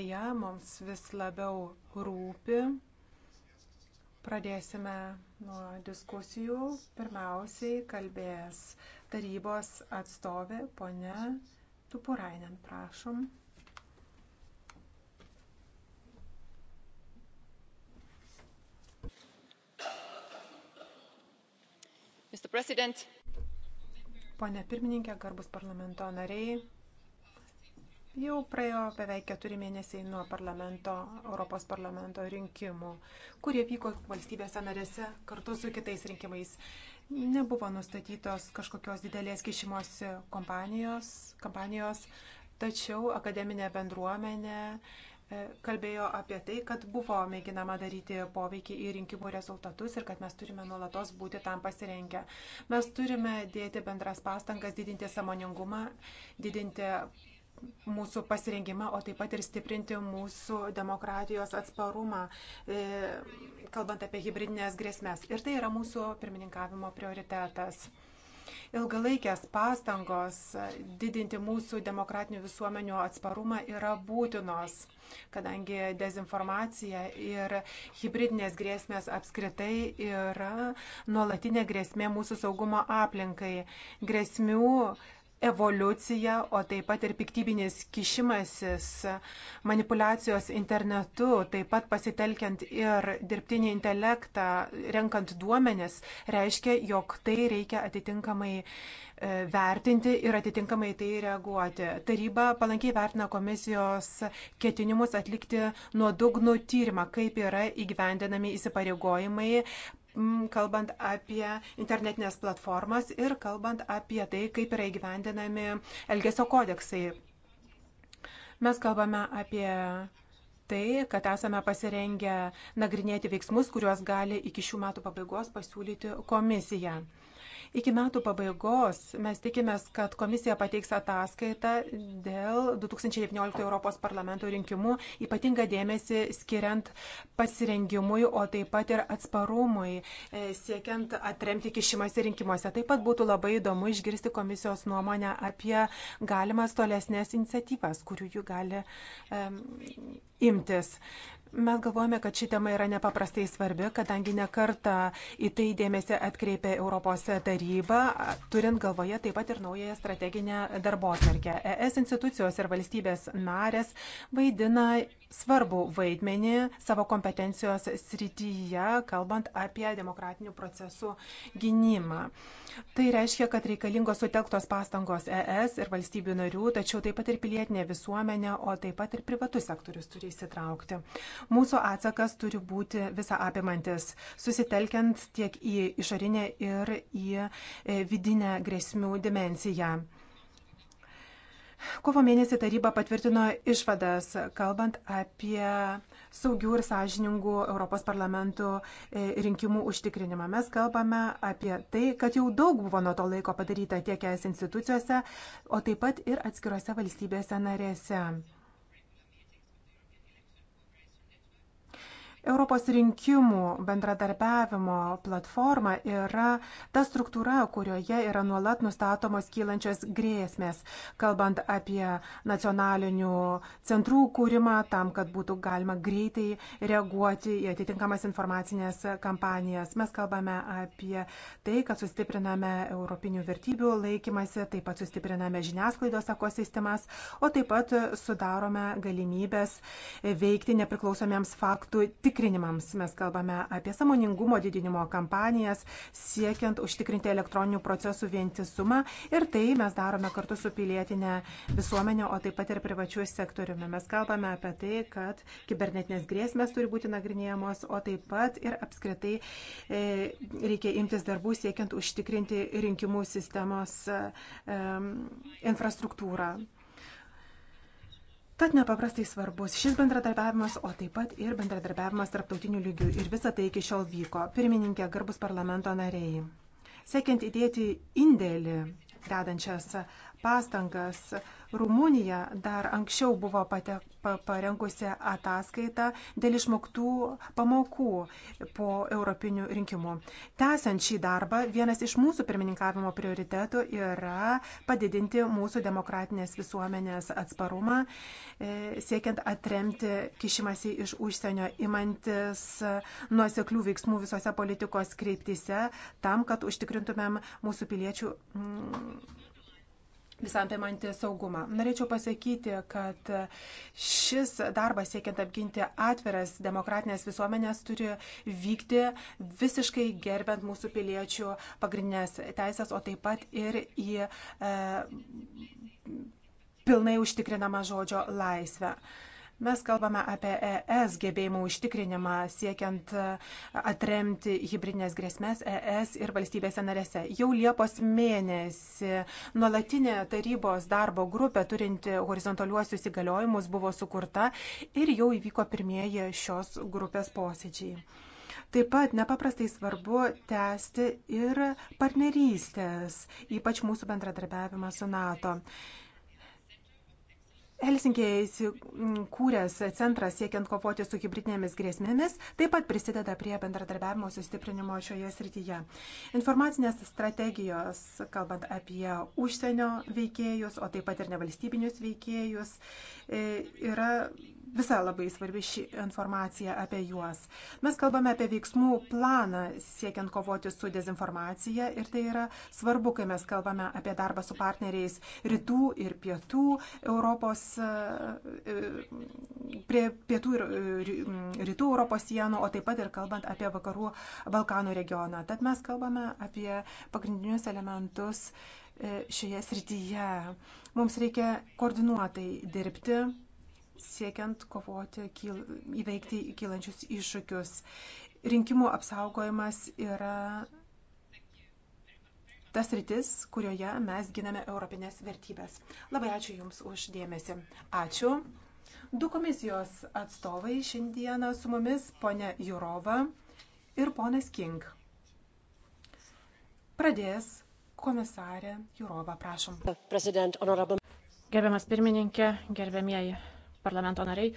Ja, mums vis labiau rūpi. Pradėsime nuo diskusijų. Pirmiausiai kalbės tarybos atstovė ponia Tupurainen, prašom. Pone pirmininkė, garbus parlamento nariai, Jau praėjo beveik keturi mėnesiai nuo parlamento, Europos parlamento rinkimų, kurie vyko valstybėse narėse kartu su kitais rinkimais. Nebuvo nustatytos kažkokios didelės kišimosi kompanijos, kompanijos tačiau akademinė bendruomenė e, kalbėjo apie tai, kad buvo mėginama daryti poveikį į rinkimų rezultatus ir kad mes turime nuolatos būti tam pasirengę. Mes turime dėti bendras pastangas, didinti samoningumą, didinti mūsų pasirengimą, o taip pat ir stiprinti mūsų demokratijos atsparumą, e, kalbant apie hybridinės grėsmės. Ir tai yra mūsų pirmininkavimo prioritetas. Ilgalaikės pastangos didinti mūsų demokratinių visuomenių atsparumą yra būtinos, kadangi dezinformacija ir hybridinės grėsmės apskritai yra nuolatinė grėsmė mūsų saugumo aplinkai. Grėsmių evoliucija, o taip pat ir piktybinis kišimasis, manipulacijos internetu, taip pat pasitelkiant ir dirbtinį intelektą, renkant duomenis, reiškia, jog tai reikia atitinkamai e, vertinti ir atitinkamai tai reaguoti. Taryba palankiai vertina komisijos ketinimus atlikti nuodugnų tyrimą, kaip yra įgyvendinami įsipareigojimai kalbant apie internetinės platformas ir kalbant apie tai, kaip yra įgyvendinami Elgesio kodeksai. Mes kalbame apie tai, kad esame pasirengę nagrinėti veiksmus, kuriuos gali iki šių metų pabaigos pasiūlyti komisija. Iki metų pabaigos mes tikimės, kad komisija pateiks ataskaitą dėl 2019 Europos parlamento rinkimų, ypatinga dėmesį skiriant pasirengimui, o taip pat ir atsparumui, e, siekiant atremti kišimąsi rinkimuose. Taip pat būtų labai įdomu išgirsti komisijos nuomonę apie galimas tolesnės iniciatyvas, kurių jų gali um, imtis. Mes galvojame, kad ši tema yra nepaprastai svarbi, kadangi nekarta į tai dėmesį atkreipė Europos taryba, turint galvoje taip pat ir naują strateginę darbo atvarkę. ES institucijos ir valstybės narės vaidina svarbu vaidmenį savo kompetencijos srityje, kalbant apie demokratinių procesų gynimą. Tai reiškia, kad reikalingos sutelktos pastangos ES ir valstybių narių, tačiau taip pat ir pilietinė visuomenė, o taip pat ir privatus sektorius turi įsitraukti. Mūsų atsakas turi būti visą apimantis, susitelkiant tiek į išorinę ir į e, vidinę grėsmių dimenciją. Kovo mėnesį taryba patvirtino išvadas, kalbant apie saugių ir sąžiningų Europos parlamentų e, rinkimų užtikrinimą. Mes kalbame apie tai, kad jau daug buvo nuo to laiko padaryta tiek es institucijose, o taip pat ir atskirose valstybėse narėse. Europos rinkimų bendradarbiavimo platforma yra ta struktūra, kurioje yra nuolat nustatomos kylančios grėsmės, kalbant apie nacionalinių centrų kūrimą tam, kad būtų galima greitai reaguoti į atitinkamas informacinės kampanijas. Mes kalbame apie tai, kad sustipriname europinių vertybių laikymasi, taip pat sustipriname žiniasklaidos ekosistemas, o taip pat sudarome galimybės veikti nepriklausomiems faktų tik patikrinimams. Mes kalbame apie samoningumo didinimo kampanijas, siekiant užtikrinti elektroninių procesų vientisumą ir tai mes darome kartu su pilietinė visuomenė, o taip pat ir privačiu sektoriumi. Mes kalbame apie tai, kad kibernetinės grėsmės turi būti nagrinėjamos, o taip pat ir apskritai e, reikia imtis darbų siekiant užtikrinti rinkimų sistemos e, infrastruktūrą. Tad nepaprastai svarbus šis bendradarbiavimas, o taip pat ir bendradarbiavimas tarptautinių lygių. Ir visa tai iki šiol vyko. Pirmininkė, garbus parlamento nariai. Siekiant įdėti indėlį dedančias pastangas. Rumunija dar anksčiau buvo pate, pa, parengusi ataskaitą dėl išmoktų pamokų po europinių rinkimų. Tęsiant šį darbą, vienas iš mūsų pirmininkavimo prioritetų yra padidinti mūsų demokratinės visuomenės atsparumą, e, siekiant atremti kišimasi iš užsienio, imantis nuoseklių veiksmų visose politikos kryptise, tam, kad užtikrintumėm mūsų piliečių. Mm, visam pimantį saugumą. Norėčiau pasakyti, kad šis darbas siekiant apginti atviras demokratinės visuomenės turi vykti visiškai gerbent mūsų piliečių pagrindinės teisės, o taip pat ir į e, pilnai užtikrinamą žodžio laisvę. E, Mes kalbame apie ES gebėjimų užtikrinimą siekiant e, atremti hybridinės grėsmės ES ir valstybėse narėse. Jau Liepos mėnesį nuolatinė tarybos darbo grupė turinti horizontaliuosius įgaliojimus buvo sukurta ir jau įvyko pirmieji šios grupės posėdžiai. Taip pat nepaprastai svarbu tęsti ir partnerystės, ypač mūsų bendradarbiavimą su NATO. Helsinkėje įsikūręs centras siekiant kovoti su hybridinėmis grėsmėmis taip pat prisideda prie bendradarbiavimo sustiprinimo šioje srityje. Informacinės strategijos, kalbant apie užsienio veikėjus, o taip pat ir nevalstybinius veikėjus, e, yra visą labai svarbi ši informacija apie juos. Mes kalbame apie veiksmų planą siekiant kovoti su dezinformacija ir tai yra svarbu, kai mes kalbame apie darbą su partneriais rytų ir pietų Europos, e, e, prie pietų ir e, rytų Europos sienų, o taip pat ir kalbant apie vakarų Balkanų regioną. Tad mes kalbame apie pagrindinius elementus šioje srityje. Mums reikia koordinuotai dirbti siekiant kovoti, kyl, įveikti kylančius iššūkius. Rinkimų apsaugojimas yra tas rytis, kurioje mes giname europinės vertybės. Labai ačiū Jums už dėmesį. Ačiū. Du komisijos atstovai šiandieną su mumis, ponė Jurova ir ponas King. Pradės komisarė Jurova, prašom. Gerbiamas pirmininkė, gerbiamieji parlamento nariai,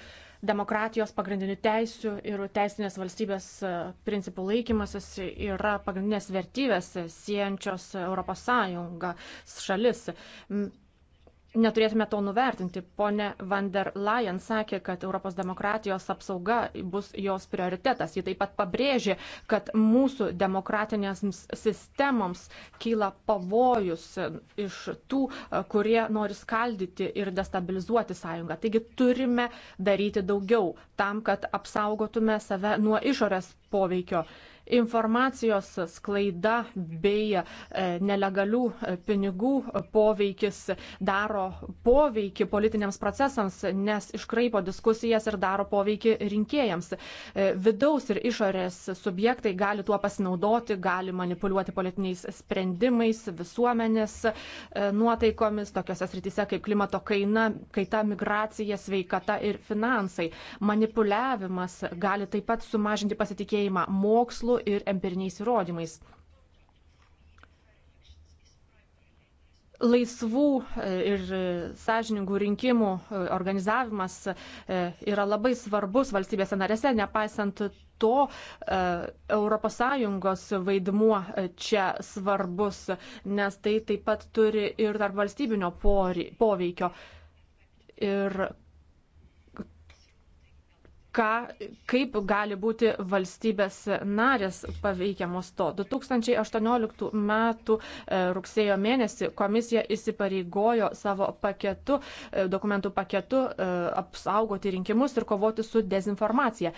demokratijos pagrindinių teisių ir teisinės valstybės e, principų laikymasis yra pagrindinės vertybės siejančios ES šalis. Neturėtume to nuvertinti. Pone van der Leyen sakė, kad Europos demokratijos apsauga bus jos prioritetas. Ji taip pat pabrėžė, kad mūsų demokratinėms sistemoms kyla pavojus iš tų, kurie nori skaldyti ir destabilizuoti sąjungą. Taigi turime daryti daugiau tam, kad apsaugotume save nuo išorės poveikio informacijos sklaida bei e, nelegalių e, pinigų poveikis daro poveikį politiniams procesams, nes iškraipo diskusijas ir daro poveikį rinkėjams. E, vidaus ir išorės subjektai gali tuo pasinaudoti, gali manipuliuoti politiniais sprendimais, visuomenės nuotaikomis, tokiuose srityse kaip klimato kaina, kaita, migracija, sveikata ir finansai. Manipuliavimas gali taip pat sumažinti pasitikėjimą mokslu ir empiriniais įrodymais. laisvų e, ir sąžiningų rinkimų e, organizavimas e, yra labai svarbus valstybėse narėse, nepaisant to ES vaidmuo čia svarbus, nes tai taip pat turi ir tarp valstybinio poveikio. Ir ką, kaip gali būti valstybės narės paveikiamos to. 2018 m. E, rugsėjo mėnesį komisija įsipareigojo savo paketu, e, dokumentų paketu e, apsaugoti rinkimus ir kovoti su dezinformacija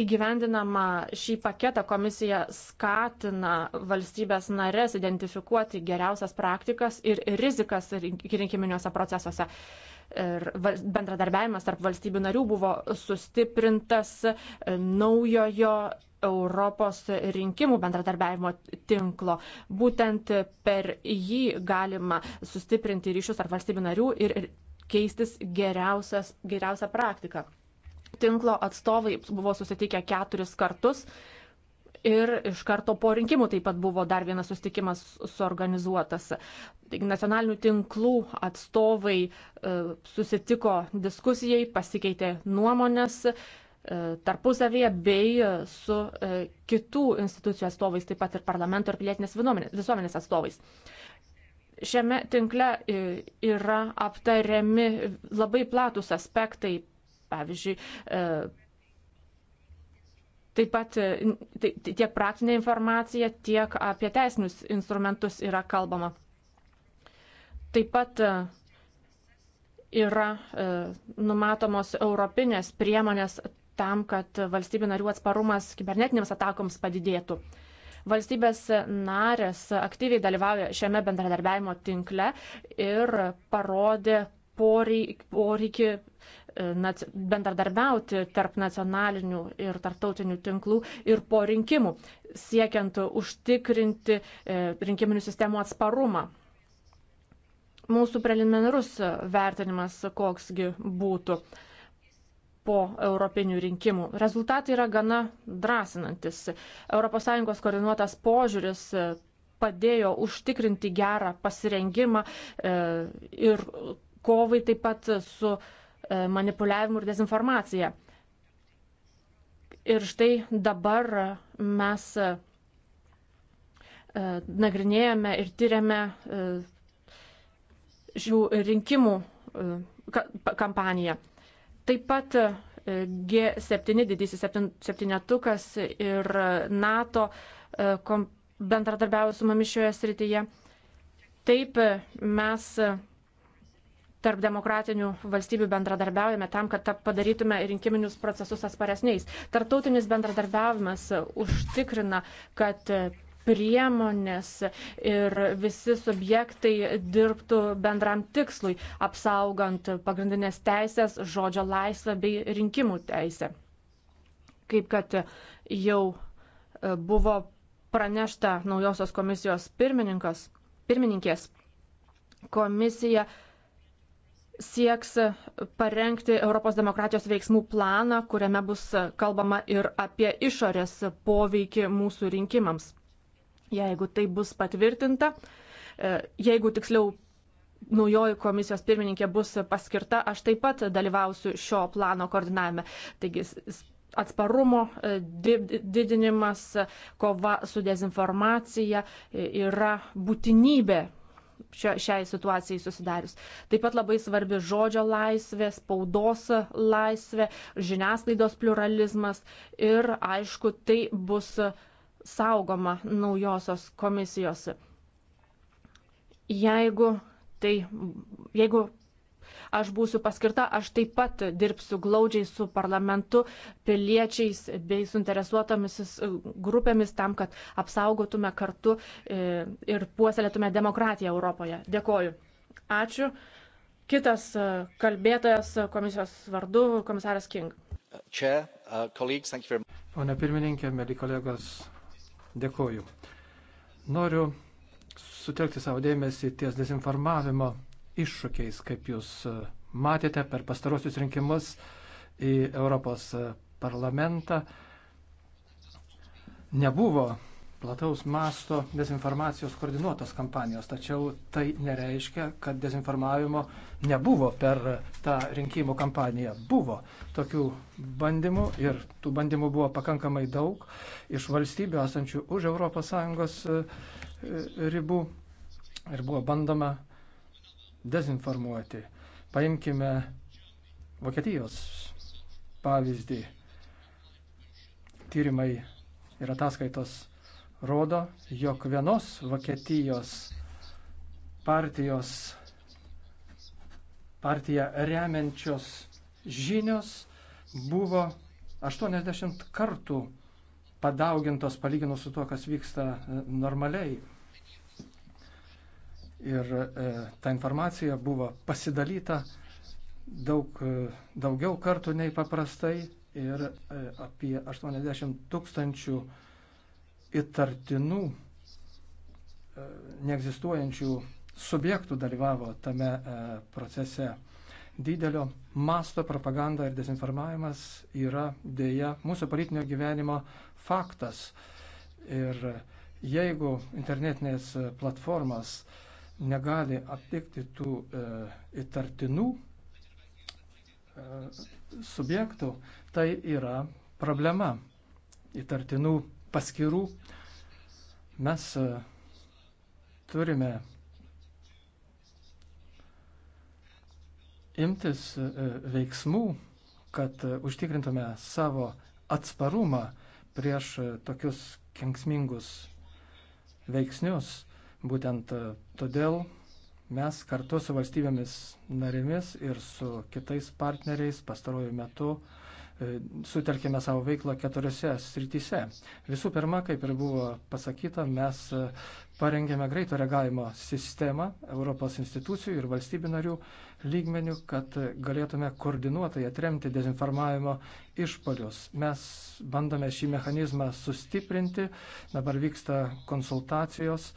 įgyvendinama šį paketą komisija skatina valstybės narės identifikuoti geriausias praktikas ir rizikas rinkiminiuose procesuose ir bendradarbiavimas tarp valstybių narių buvo sustiprintas e, naujojo Europos rinkimų bendradarbiavimo tinklo. Būtent per jį galima sustiprinti ryšius tarp valstybių narių ir keistis geriausią praktiką. Tinklo atstovai buvo susitikę keturis kartus Ir iš karto po rinkimų taip pat buvo dar vienas sustikimas suorganizuotas. Nacionalinių tinklų atstovai e, susitiko diskusijai, pasikeitė nuomonės e, tarpusavėje bei su e, kitų institucijų atstovais, taip pat ir parlamento ir pilietinės visuomenės atstovais. Šiame tinkle yra aptariami labai platus aspektai, pavyzdžiui, Taip pat e, tai, tai tiek praktinė informacija, tiek apie teisinius instrumentus yra kalbama. Taip pat e, yra e, numatomos europinės priemonės tam, kad valstybių narių atsparumas kibernetinėms atakoms padidėtų. Valstybės narės aktyviai dalyvauja šiame bendradarbiavimo tinkle ir parodė poreikį bendradarbiauti tarp nacionalinių ir tarptautinių tinklų ir po rinkimų, siekiant užtikrinti e, rinkiminių sistemų atsparumą. Mūsų preliminarus vertinimas koksgi būtų po europinių rinkimų. Rezultatai yra gana drąsinantis. ES koordinuotas požiūris e, padėjo užtikrinti gerą pasirengimą e, ir kovai taip pat su E, manipuliavimu ir dezinformacija. Ir štai dabar mes e, nagrinėjame ir tyriame e, šių rinkimų kampaniją. Taip pat G7 didysis septynetukas ir NATO bendradarbiavo su mumis šioje srityje. Taip mes tarp demokratinių valstybių bendradarbiaujame tam, kad padarytume rinkiminius procesus asparesniais. Tartautinis bendradarbiavimas užtikrina, kad priemonės ir visi subjektai dirbtų bendram tikslui, apsaugant pagrindinės teisės, žodžio laisvę bei rinkimų teisę. Kaip kad jau e, buvo pranešta naujosios komisijos pirmininkės, komisija sieks parengti Europos demokratijos veiksmų planą, kuriame bus kalbama ir apie išorės poveikį mūsų rinkimams. Jeigu tai bus patvirtinta, e, jeigu tiksliau naujoji komisijos pirmininkė bus paskirta, aš taip pat dalyvausiu šio plano koordinavime. Taigi atsparumo e, didinimas, kova su dezinformacija e, yra būtinybė šia, šiai situacijai susidarius. Taip pat labai svarbi žodžio laisvė, spaudos laisvė, žiniasklaidos pluralizmas ir, aišku, tai bus saugoma naujosios komisijos. Jeigu, tai, jeigu aš būsiu paskirta, aš taip pat dirbsiu glaudžiai su parlamentu, piliečiais bei suinteresuotomis grupėmis tam, kad apsaugotume kartu e, ir puoselėtume demokratiją Europoje. Dėkoju. Ačiū. Kitas e, kalbėtojas komisijos vardu, komisaras King. Čia, uh, Pone pirmininkė, mėly kolegos, dėkoju. Noriu sutelkti savo dėmesį ties dezinformavimo iššūkiais, kaip jūs e, matėte per pastarosius rinkimus į Europos e, parlamentą. Nebuvo plataus masto dezinformacijos koordinuotos kampanijos, tačiau tai nereiškia, kad dezinformavimo nebuvo per tą rinkimų kampaniją. Buvo tokių bandymų ir tų bandymų buvo pakankamai daug iš valstybių esančių už ES e, ribų ir buvo bandoma dezinformuoti. Paimkime Vokietijos pavyzdį. Tyrimai ir ataskaitos rodo, jog vienos Vokietijos partijos partiją remiančios žinios buvo 80 kartų padaugintos palyginus su to, kas vyksta e, normaliai ir e, ta informacija buvo pasidalyta daug, e, daugiau kartų nei paprastai ir e, apie 80 tūkstančių įtartinų neegzistuojančių subjektų dalyvavo tame procese. Didelio masto propaganda ir dezinformavimas yra dėja mūsų politinio gyvenimo faktas. Ir jeigu internetinės platformas uh, negali aptikti tų e, įtartinų e, subjektų, tai yra problema. Įtartinų paskirų mes e, turime imtis e, veiksmų, kad e, užtikrintume savo atsparumą prieš e, tokius kenksmingus veiksnius Būtent e, todėl mes kartu su valstybėmis narėmis ir su kitais partneriais pastarojų metų e, sutelkėme savo veiklą keturiose srityse. Visų pirma, kaip ir buvo pasakyta, mes e, parengėme greito reagavimo sistemą Europos institucijų ir valstybių narių lygmenių, kad galėtume koordinuotai atremti dezinformavimo išpolius. Mes bandome šį mechanizmą sustiprinti, dabar vyksta konsultacijos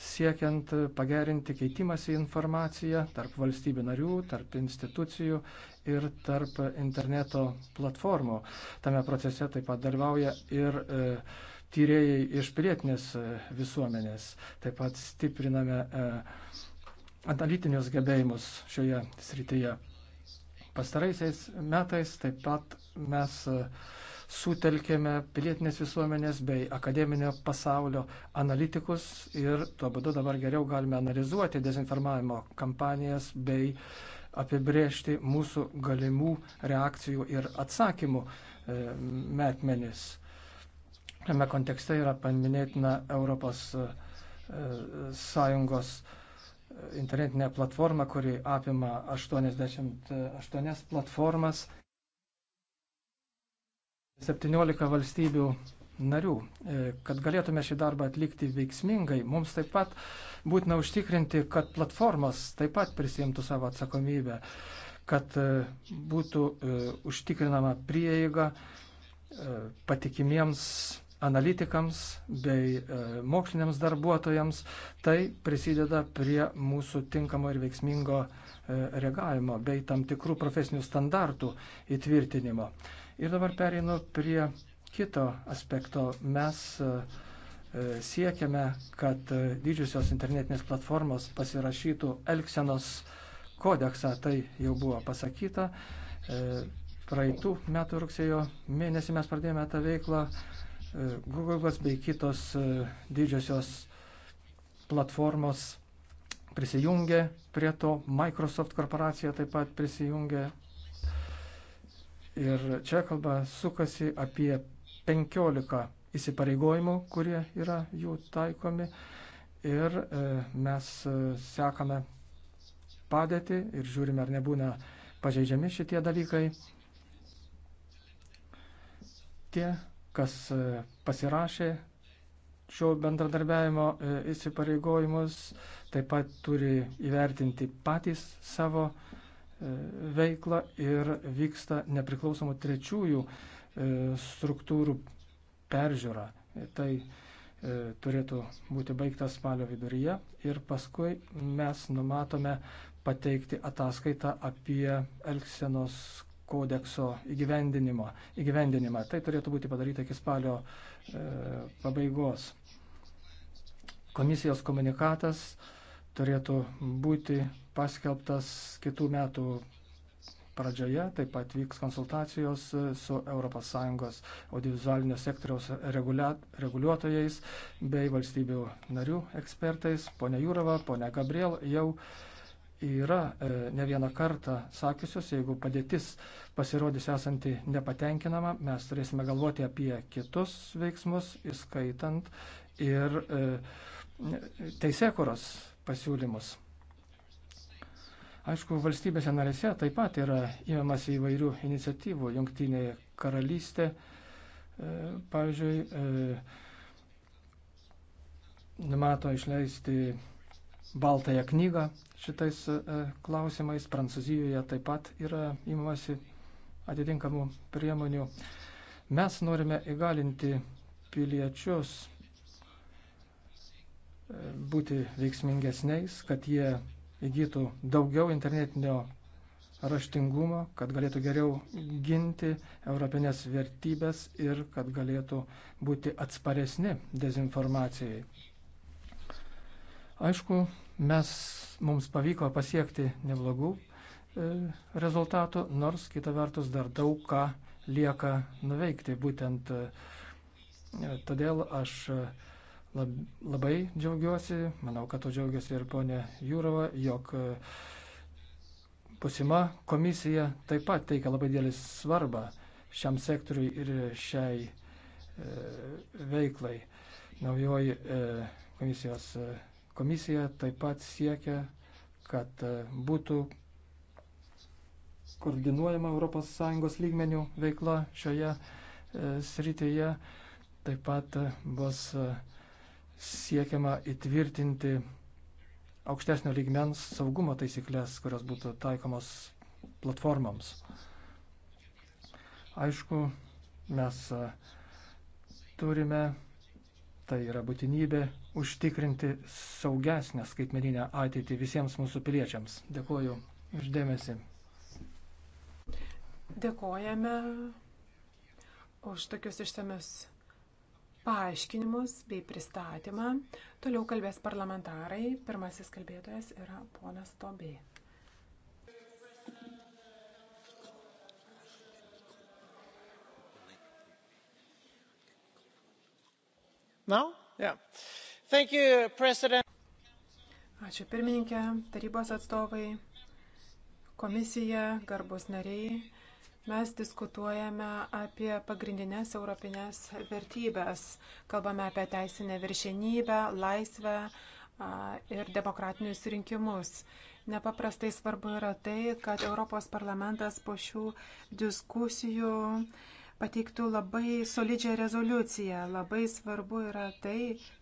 siekiant pagerinti keitimąsi informaciją tarp valstybių narių, tarp institucijų ir tarp interneto platformų. Tame procese taip pat dalyvauja ir e, tyrėjai iš pilietinės e, visuomenės. Taip pat stipriname e, analitinius gebėjimus šioje srityje. Pastaraisiais metais taip pat mes e, sutelkėme pilietinės visuomenės bei akademinio pasaulio analitikus ir tuo būdu dabar geriau galime analizuoti dezinformavimo kampanijas bei apibriežti mūsų galimų reakcijų ir atsakymų e, metmenis. Šiame kontekste yra paminėtina Europos e, Sąjungos e, internetinė platforma, kuri apima 88 platformas 17 valstybių narių. E, kad galėtume šį darbą atlikti veiksmingai, mums taip pat būtina užtikrinti, kad platformos taip pat prisimtų savo atsakomybę, kad e, būtų e, užtikrinama prieiga patikimiems analitikams bei moksliniams darbuotojams. Tai prisideda prie mūsų tinkamo ir veiksmingo reagavimo bei tam tikrų profesinių standartų įtvirtinimo. Ir dabar pereinu prie kito aspekto. Mes e, e, siekiame, kad e, didžiosios internetinės platformos pasirašytų Elksenos kodeksą. Tai jau buvo pasakyta. Praeitų metų rugsėjo mėnesį mes pradėjome tą veiklą. Google'as bei kitos didžiosios platformos prisijungė prie to, Microsoft korporacija taip pat prisijungė Ir čia kalba sukasi apie 15 įsipareigojimų, kurie yra jų taikomi. Ir e, mes e, sekame padėtį ir žiūrime, ar nebūna pažeidžiami šitie dalykai. Tie, kas e, pasirašė šio bendradarbiavimo e, įsipareigojimus, taip pat turi įvertinti patys savo e, veiklą ir vyksta nepriklausomų trečiųjų e, struktūrų peržiūra. Tai e, turėtų būti baigtas spalio viduryje ir paskui mes numatome pateikti ataskaitą apie Elksenos kodekso įgyvendinimą. įgyvendinimą. Tai turėtų būti padaryta iki spalio e, pabaigos. Komisijos komunikatas e, turėtų būti paskelbtas kitų metų pradžioje. Taip pat vyks konsultacijos su ES audiovizualinio sektoriaus reguliuotojais bei valstybių narių ekspertais. Pone Jūrova, pone Gabriel jau yra e, ne vieną kartą sakiusios, jeigu padėtis pasirodys esanti nepatenkinama, mes turėsime galvoti apie kitus veiksmus, įskaitant ir e, teisėkuros pasiūlymus. Aišku, valstybėse narėse taip pat yra įmamas įvairių iniciatyvų. Jungtinė karalystė, e, pavyzdžiui, e, numato išleisti baltąją knygą šitais e, klausimais. Prancūzijoje taip pat yra įmamasi atitinkamų priemonių. Mes norime įgalinti piliečius būti veiksmingesniais, kad jie įgytų daugiau internetinio raštingumo, kad galėtų geriau ginti europinės vertybės ir kad galėtų būti atsparesni dezinformacijai. Aišku, mes, mums pavyko pasiekti neblogų e, rezultatų, nors kita vertus dar daug ką lieka nuveikti. Būtent e, todėl aš e, lab, labai džiaugiuosi, manau, kad to džiaugiuosi ir ponė Jūrova, jog e, pusima komisija taip pat teikia labai dėlį svarbą šiam sektoriui ir šiai e, veiklai. Naujoji e, komisijos e, komisija taip pat siekia, kad e, būtų koordinuojama ES lygmenių veikla šioje e, srityje. Taip pat e, bus e, siekiama įtvirtinti aukštesnio lygmens saugumo taisyklės, kurios būtų taikomos platformoms. Aišku, mes turime, tai yra būtinybė, užtikrinti saugesnę skaitmeninę ateitį visiems mūsų piliečiams. Dėkuoju uždėmesi. Dėkojame už tokius išsamius paaiškinimus bei pristatymą. Toliau kalbės parlamentarai. Pirmasis kalbėtojas yra ponas Tobė. Yeah. You, Ačiū pirmininkė, tarybos atstovai, komisija, garbus nariai. Mes diskutuojame apie pagrindinės europinės vertybės. Kalbame apie teisinę viršenybę, laisvę ir demokratinius rinkimus. Nepaprastai svarbu yra tai, kad Europos parlamentas po šių diskusijų pateiktų labai solidžią rezoliuciją. Labai svarbu yra tai,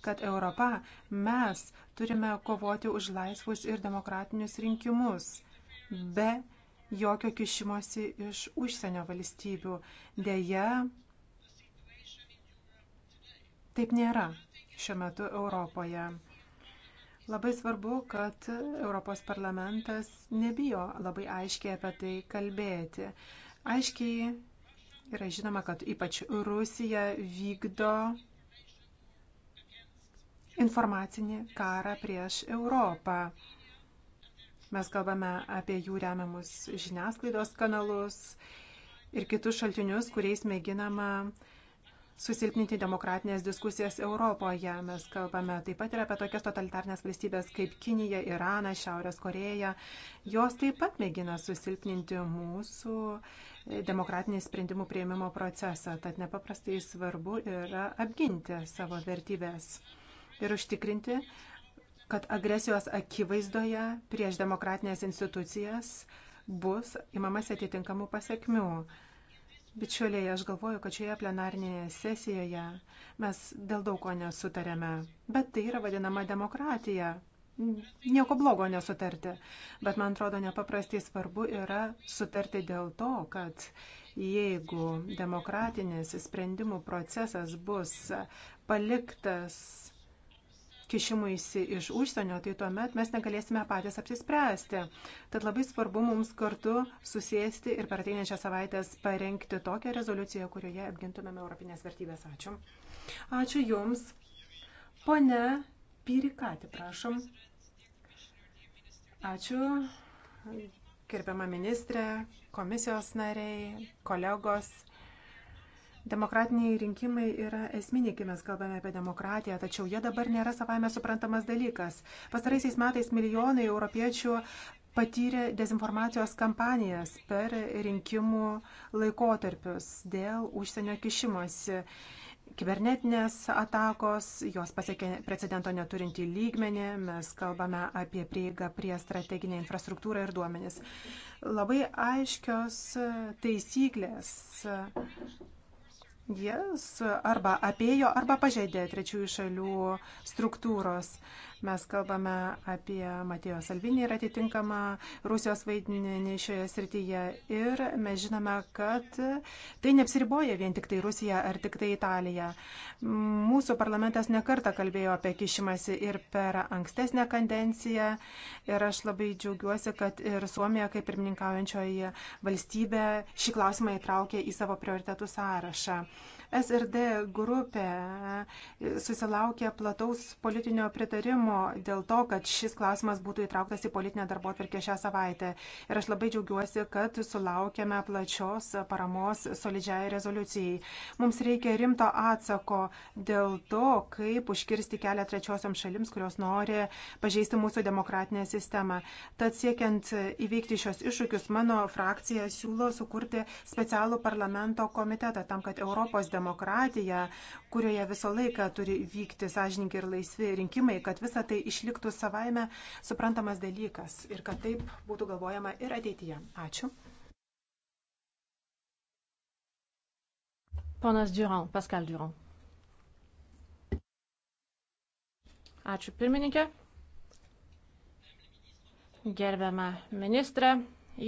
kad Europa, mes turime kovoti už laisvus ir demokratinius rinkimus be jokio kišimosi iš užsienio valstybių. Deja, taip nėra šiuo metu Europoje. Labai svarbu, kad Europos parlamentas nebijo labai aiškiai apie tai kalbėti. Aiškiai yra žinoma, kad ypač Rusija vykdo informacinį karą prieš Europą. Mes kalbame apie jų remiamus žiniasklaidos kanalus ir kitus šaltinius, kuriais mėginama susilpninti demokratinės diskusijas Europoje. Mes kalbame taip pat ir apie tokias totalitarnės valstybės kaip Kinija, Iranas, Šiaurės Koreja. Jos taip pat mėgina susilpninti mūsų demokratinį sprendimų prieimimo procesą. Tad nepaprastai svarbu yra apginti savo vertybės ir užtikrinti, kad agresijos akivaizdoje prieš demokratinės institucijas bus imamas atitinkamų pasiekmių. Bičiuliai, aš galvoju, kad šioje plenarinėje sesijoje mes dėl daug ko nesutarėme, bet tai yra vadinama demokratija. Nieko blogo nesutarti, bet man atrodo nepaprastai svarbu yra sutarti dėl to, kad jeigu demokratinis sprendimų procesas bus paliktas kišimuisi iš užsienio, tai tuomet mes negalėsime patys apsispręsti. Tad labai svarbu mums kartu susėsti ir per ateinančią savaitę parengti tokią rezoliuciją, kurioje apgintumėme europinės vertybės. Ačiū. Ačiū Jums. Pone Pirikati, prašom. Ačiū. Gerbiama ministrė, komisijos nariai, kolegos. Demokratiniai rinkimai yra esminiai, kai mes kalbame apie demokratiją, tačiau jie dabar nėra savame suprantamas dalykas. Pastaraisiais metais milijonai europiečių patyrė dezinformacijos kampanijas per rinkimų laikotarpius dėl užsienio kišimosi. Kibernetinės atakos, jos pasiekė precedento neturinti lygmenį, mes kalbame apie prieigą prie strateginę infrastruktūrą ir duomenis. Labai aiškios taisyklės Jis arba apėjo, arba pažeidė trečiųjų šalių struktūros. Mes kalbame apie Matėjo Salvinį ir atitinkamą Rusijos vaidmenį šioje srityje. Ir mes žinome, kad tai neapsiriboja vien tik tai Rusija ar tik tai Italija. Mūsų parlamentas nekarta kalbėjo apie kišimąsi ir per ankstesnę kadenciją. Ir aš labai džiaugiuosi, kad ir Suomija, kaip pirmininkaujančioji valstybė, šį klausimą įtraukė į savo prioritetų sąrašą. SRD grupė susilaukė plataus politinio pritarimo dėl to, kad šis klausimas būtų įtrauktas į politinę darbo atvirkę šią savaitę. Ir aš labai džiaugiuosi, kad sulaukėme plačios paramos solidžiai rezoliucijai. Mums reikia rimto atsako dėl to, kaip užkirsti kelią trečiosiam šalims, kurios nori pažeisti mūsų demokratinę sistemą. Tad siekiant įveikti šios iššūkius, mano frakcija siūlo sukurti specialų parlamento komitetą tam, kad Europos demokratija demokratiją, kurioje visą laiką turi vykti sąžininkai ir laisvi rinkimai, kad visa tai išliktų savaime suprantamas dalykas ir kad taip būtų galvojama ir ateityje. Ačiū. Ponas Durand, Pascal Durand. Ačiū pirmininkė. Gerbiama ministrė,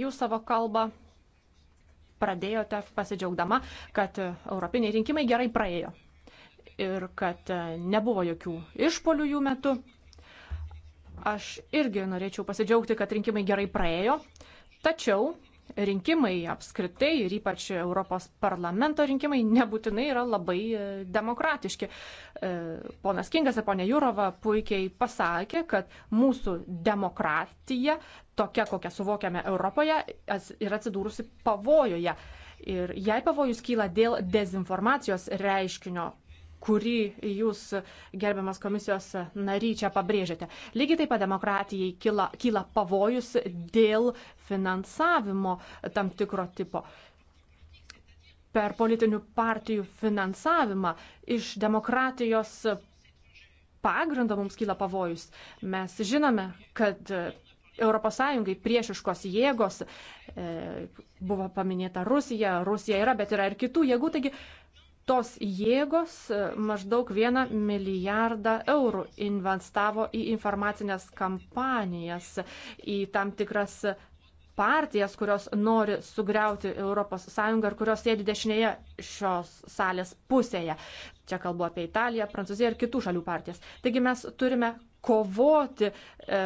jūs savo kalbą pradėjote pasidžiaugdama, kad europiniai rinkimai gerai praėjo ir kad e, nebuvo jokių išpolių jų metu. Aš irgi norėčiau pasidžiaugti, kad rinkimai gerai praėjo, tačiau rinkimai apskritai ir ypač Europos parlamento rinkimai nebūtinai yra labai e, demokratiški. E, ponas Kingas ir ponė Jūrova puikiai pasakė, kad mūsų demokratija, tokia kokią suvokiame Europoje, yra atsidūrusi pavojoje. Ir jei pavojus kyla dėl dezinformacijos reiškinio, kurį jūs, gerbiamas komisijos nary, čia pabrėžiate. Lygiai taip pat demokratijai kyla, kyla pavojus dėl finansavimo tam tikro tipo. Per politinių partijų finansavimą iš demokratijos pagrindo mums kyla pavojus. Mes žinome, kad ES priešiškos jėgos, e, buvo paminėta Rusija, Rusija yra, bet yra ir kitų jėgų, taigi tos jėgos e, maždaug vieną milijardą eurų investavo į informacinės kampanijas, į tam tikras partijas, kurios nori sugriauti ES ir kurios sėdi dešinėje šios salės pusėje. Čia kalbu apie Italiją, Prancūziją ir kitų šalių partijas. Taigi mes turime kovoti, e,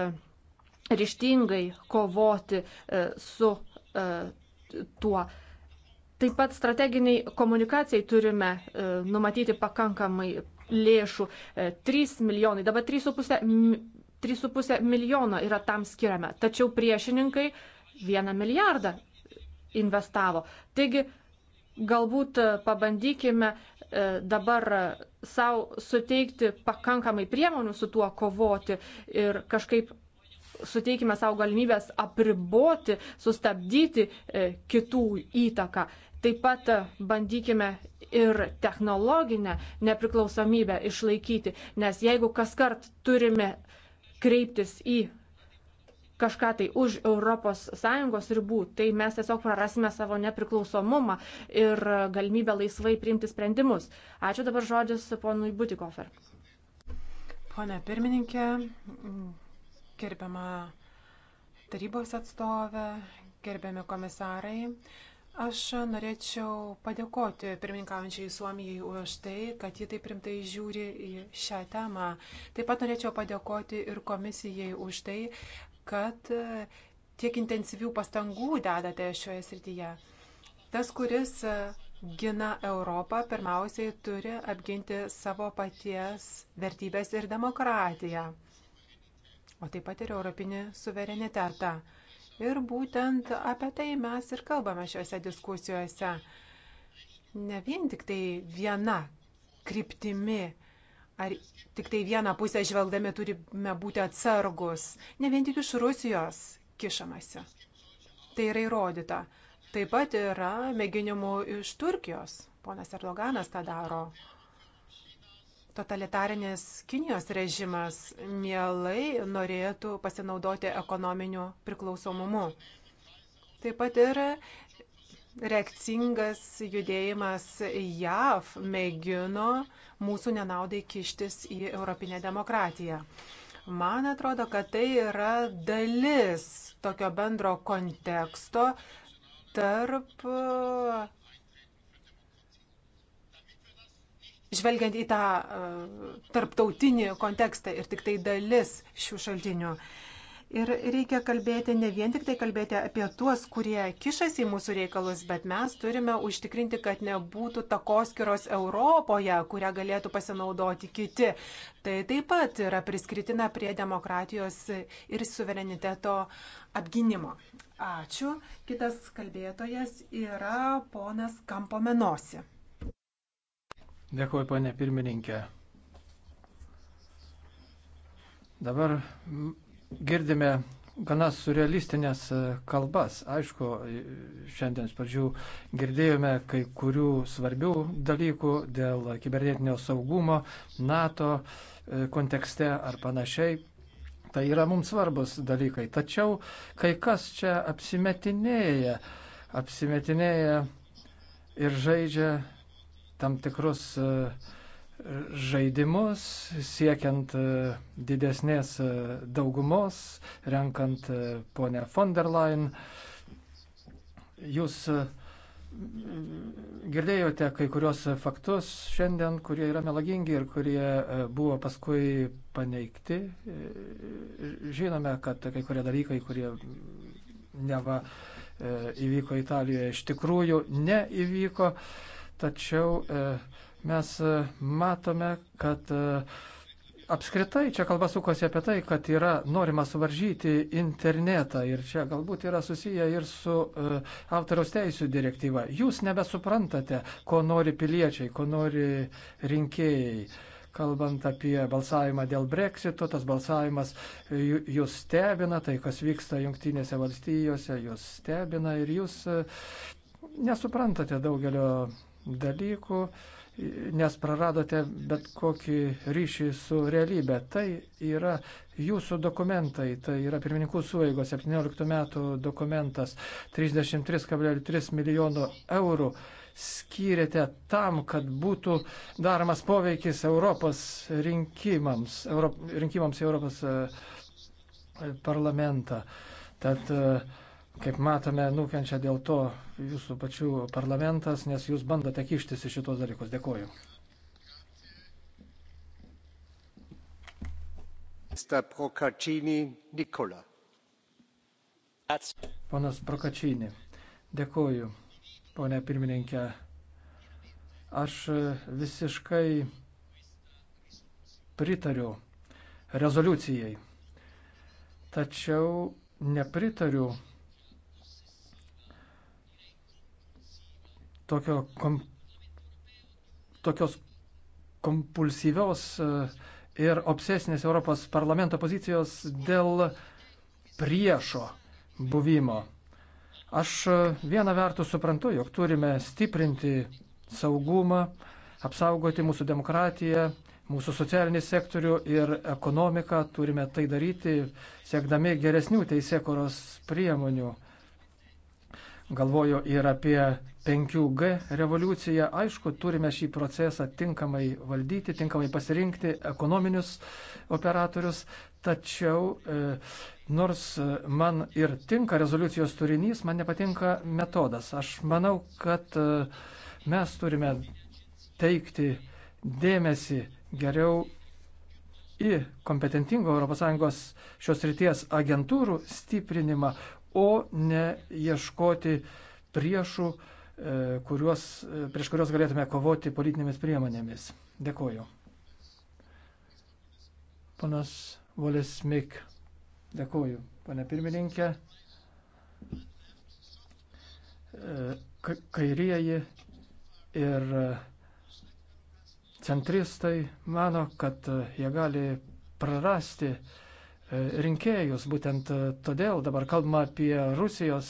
ryštingai kovoti e, su e, tuo. E, Taip pat strateginiai komunikacijai turime e, numatyti pakankamai lėšų. 3 e, milijonai, dabar 3,5 milijono yra tam skiriame. Tačiau priešininkai 1 milijardą investavo. Taigi, galbūt e, pabandykime dabar savo suteikti pakankamai priemonių su tuo kovoti ir kažkaip suteikime savo galimybės apriboti, sustabdyti kitų įtaką. Taip pat bandykime ir technologinę nepriklausomybę išlaikyti, nes jeigu kas kart turime kreiptis į kažką tai už ES ribų, tai mes tiesiog prarasime savo nepriklausomumą ir galimybę laisvai priimti sprendimus. Ačiū dabar žodis ponui Butikofer. Pone pirmininkė, gerbiama tarybos atstovė, gerbiami komisarai, Aš norėčiau padėkoti pirmininkaujančiai Suomijai už tai, kad ji taip rimtai žiūri į šią temą. Taip pat norėčiau padėkoti ir komisijai už tai, kad e, tiek intensyvių pastangų dedate šioje srityje. Tas, kuris e, gina Europą, pirmiausiai turi apginti savo paties vertybės ir demokratiją, o taip pat ir europinį suverenitetą. Ir būtent apie tai mes ir kalbame šiuose diskusijuose. Ne vien tik tai viena kryptimi ar tik tai vieną pusę žvelgdami turime būti atsargus, ne vien tik iš Rusijos kišamasi. Tai yra įrodyta. Taip pat yra mėginimų iš Turkijos. Ponas Erdoganas tą daro. Totalitarinis Kinijos režimas mielai norėtų pasinaudoti ekonominiu priklausomumu. Taip pat ir reakcingas judėjimas JAV mėgino mūsų nenaudai kištis į europinę demokratiją. Man atrodo, kad tai yra dalis tokio bendro konteksto tarp žvelgiant į tą e, tarptautinį kontekstą ir tik tai dalis šių šaltinių. Ir reikia kalbėti ne vien tik tai kalbėti apie tuos, kurie kišasi į mūsų reikalus, bet mes turime užtikrinti, kad nebūtų takoskiros Europoje, kurią galėtų pasinaudoti kiti. Tai taip pat yra priskritina prie demokratijos ir suvereniteto apginimo. Ačiū. Kitas kalbėtojas yra ponas Kampomenosi. Dėkuoju, ponė pirmininkė. Dabar girdime gana surrealistinės kalbas. Aišku, šiandien iš pradžių girdėjome kai kurių svarbių dalykų dėl kibernetinio saugumo, NATO e, kontekste ar panašiai. Tai yra mums svarbus dalykai. Tačiau kai kas čia apsimetinėja, apsimetinėja ir žaidžia tam tikrus e, žaidimus, siekiant e, didesnės e, daugumos, renkant ponę von der Leyen. Jūs girdėjote kai kurios faktus šiandien, kurie yra melagingi ir kurie buvo paskui paneigti. Žinome, kad kai kurie dalykai, kurie neva įvyko Italijoje, iš tikrųjų neįvyko. Tačiau e, mes e, matome, kad e, apskritai čia kalba sukosi apie tai, kad yra norima suvaržyti internetą ir čia galbūt yra susiję ir su autoriaus teisų direktyva. Jūs nebesuprantate, ko nori piliečiai, ko nori rinkėjai kalbant apie balsavimą dėl breksito, tas balsavimas jūs stebina, tai kas vyksta jungtinėse valstijose, jūs stebina ir jūs nesuprantate daugelio dalykų, nes praradote bet kokį ryšį su realybė. Tai yra jūsų dokumentai, tai yra pirmininkų suveigo 17 metų dokumentas 33,3 milijono eurų skyrėte tam, kad būtų daromas poveikis Europos rinkimams, Europ, rinkimams Europos e, parlamentą. Tad uh, kaip matome, nukenčia dėl to jūsų pačių parlamentas, nes jūs bandote kištis į šitos dalykus. Dėkuoju. Ponas Prokačinį, dėkuoju, ponė pirmininkė. Aš visiškai pritariu rezoliucijai, tačiau nepritariu tokio kom, tokios kompulsyvios e, ir obsesinės Europos parlamento pozicijos dėl priešo buvimo. Aš e, vieną vertus suprantu, jog turime stiprinti saugumą, apsaugoti mūsų demokratiją, mūsų socialinį sektorių ir ekonomiką, turime tai daryti siekdami geresnių teisėkoros priemonių galvoju ir apie 5G revoliuciją. Aišku, turime šį procesą tinkamai valdyti, tinkamai pasirinkti ekonominius operatorius, tačiau e, nors man ir tinka rezoliucijos turinys, man nepatinka metodas. Aš manau, kad e, mes turime teikti dėmesį geriau į kompetentingų ES šios ryties agentūrų stiprinimą, o ne ieškoti priešų, e, kuriuos, e, prieš kuriuos galėtume kovoti politinėmis priemonėmis. Dėkoju. Panas Volės Mik. Dėkoju, pane pirmininkė. E, kairieji ir centristai mano, kad jie gali prarasti uh, E, rinkėjus. Būtent e, todėl dabar kalbama apie Rusijos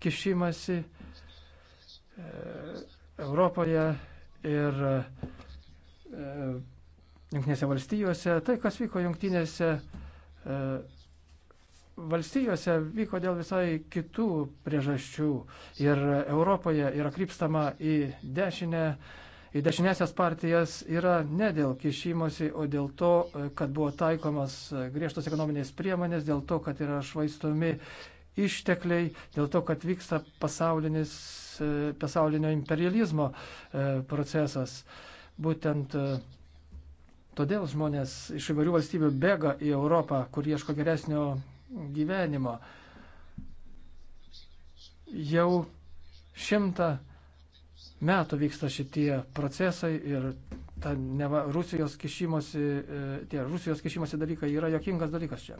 kišimasi e, Europoje ir Junktinėse valstijose. Tai, kas vyko Junktinėse valstijose, vyko dėl visai kitų priežasčių. Ir Europoje yra krypstama į dešinę į dešinėsias partijas yra ne dėl kišimosi, o dėl to, kad buvo taikomas griežtos ekonominės priemonės, dėl to, kad yra švaistomi ištekliai, dėl to, kad vyksta pasaulinio imperializmo e, procesas. Būtent e, todėl žmonės iš įvairių valstybių bėga į Europą, kur ieško geresnio gyvenimo. Jau šimtą metų vyksta šitie procesai ir ta neva Rusijos kišimosi, e, tie Rusijos kišimosi dalykai yra jokingas dalykas čia.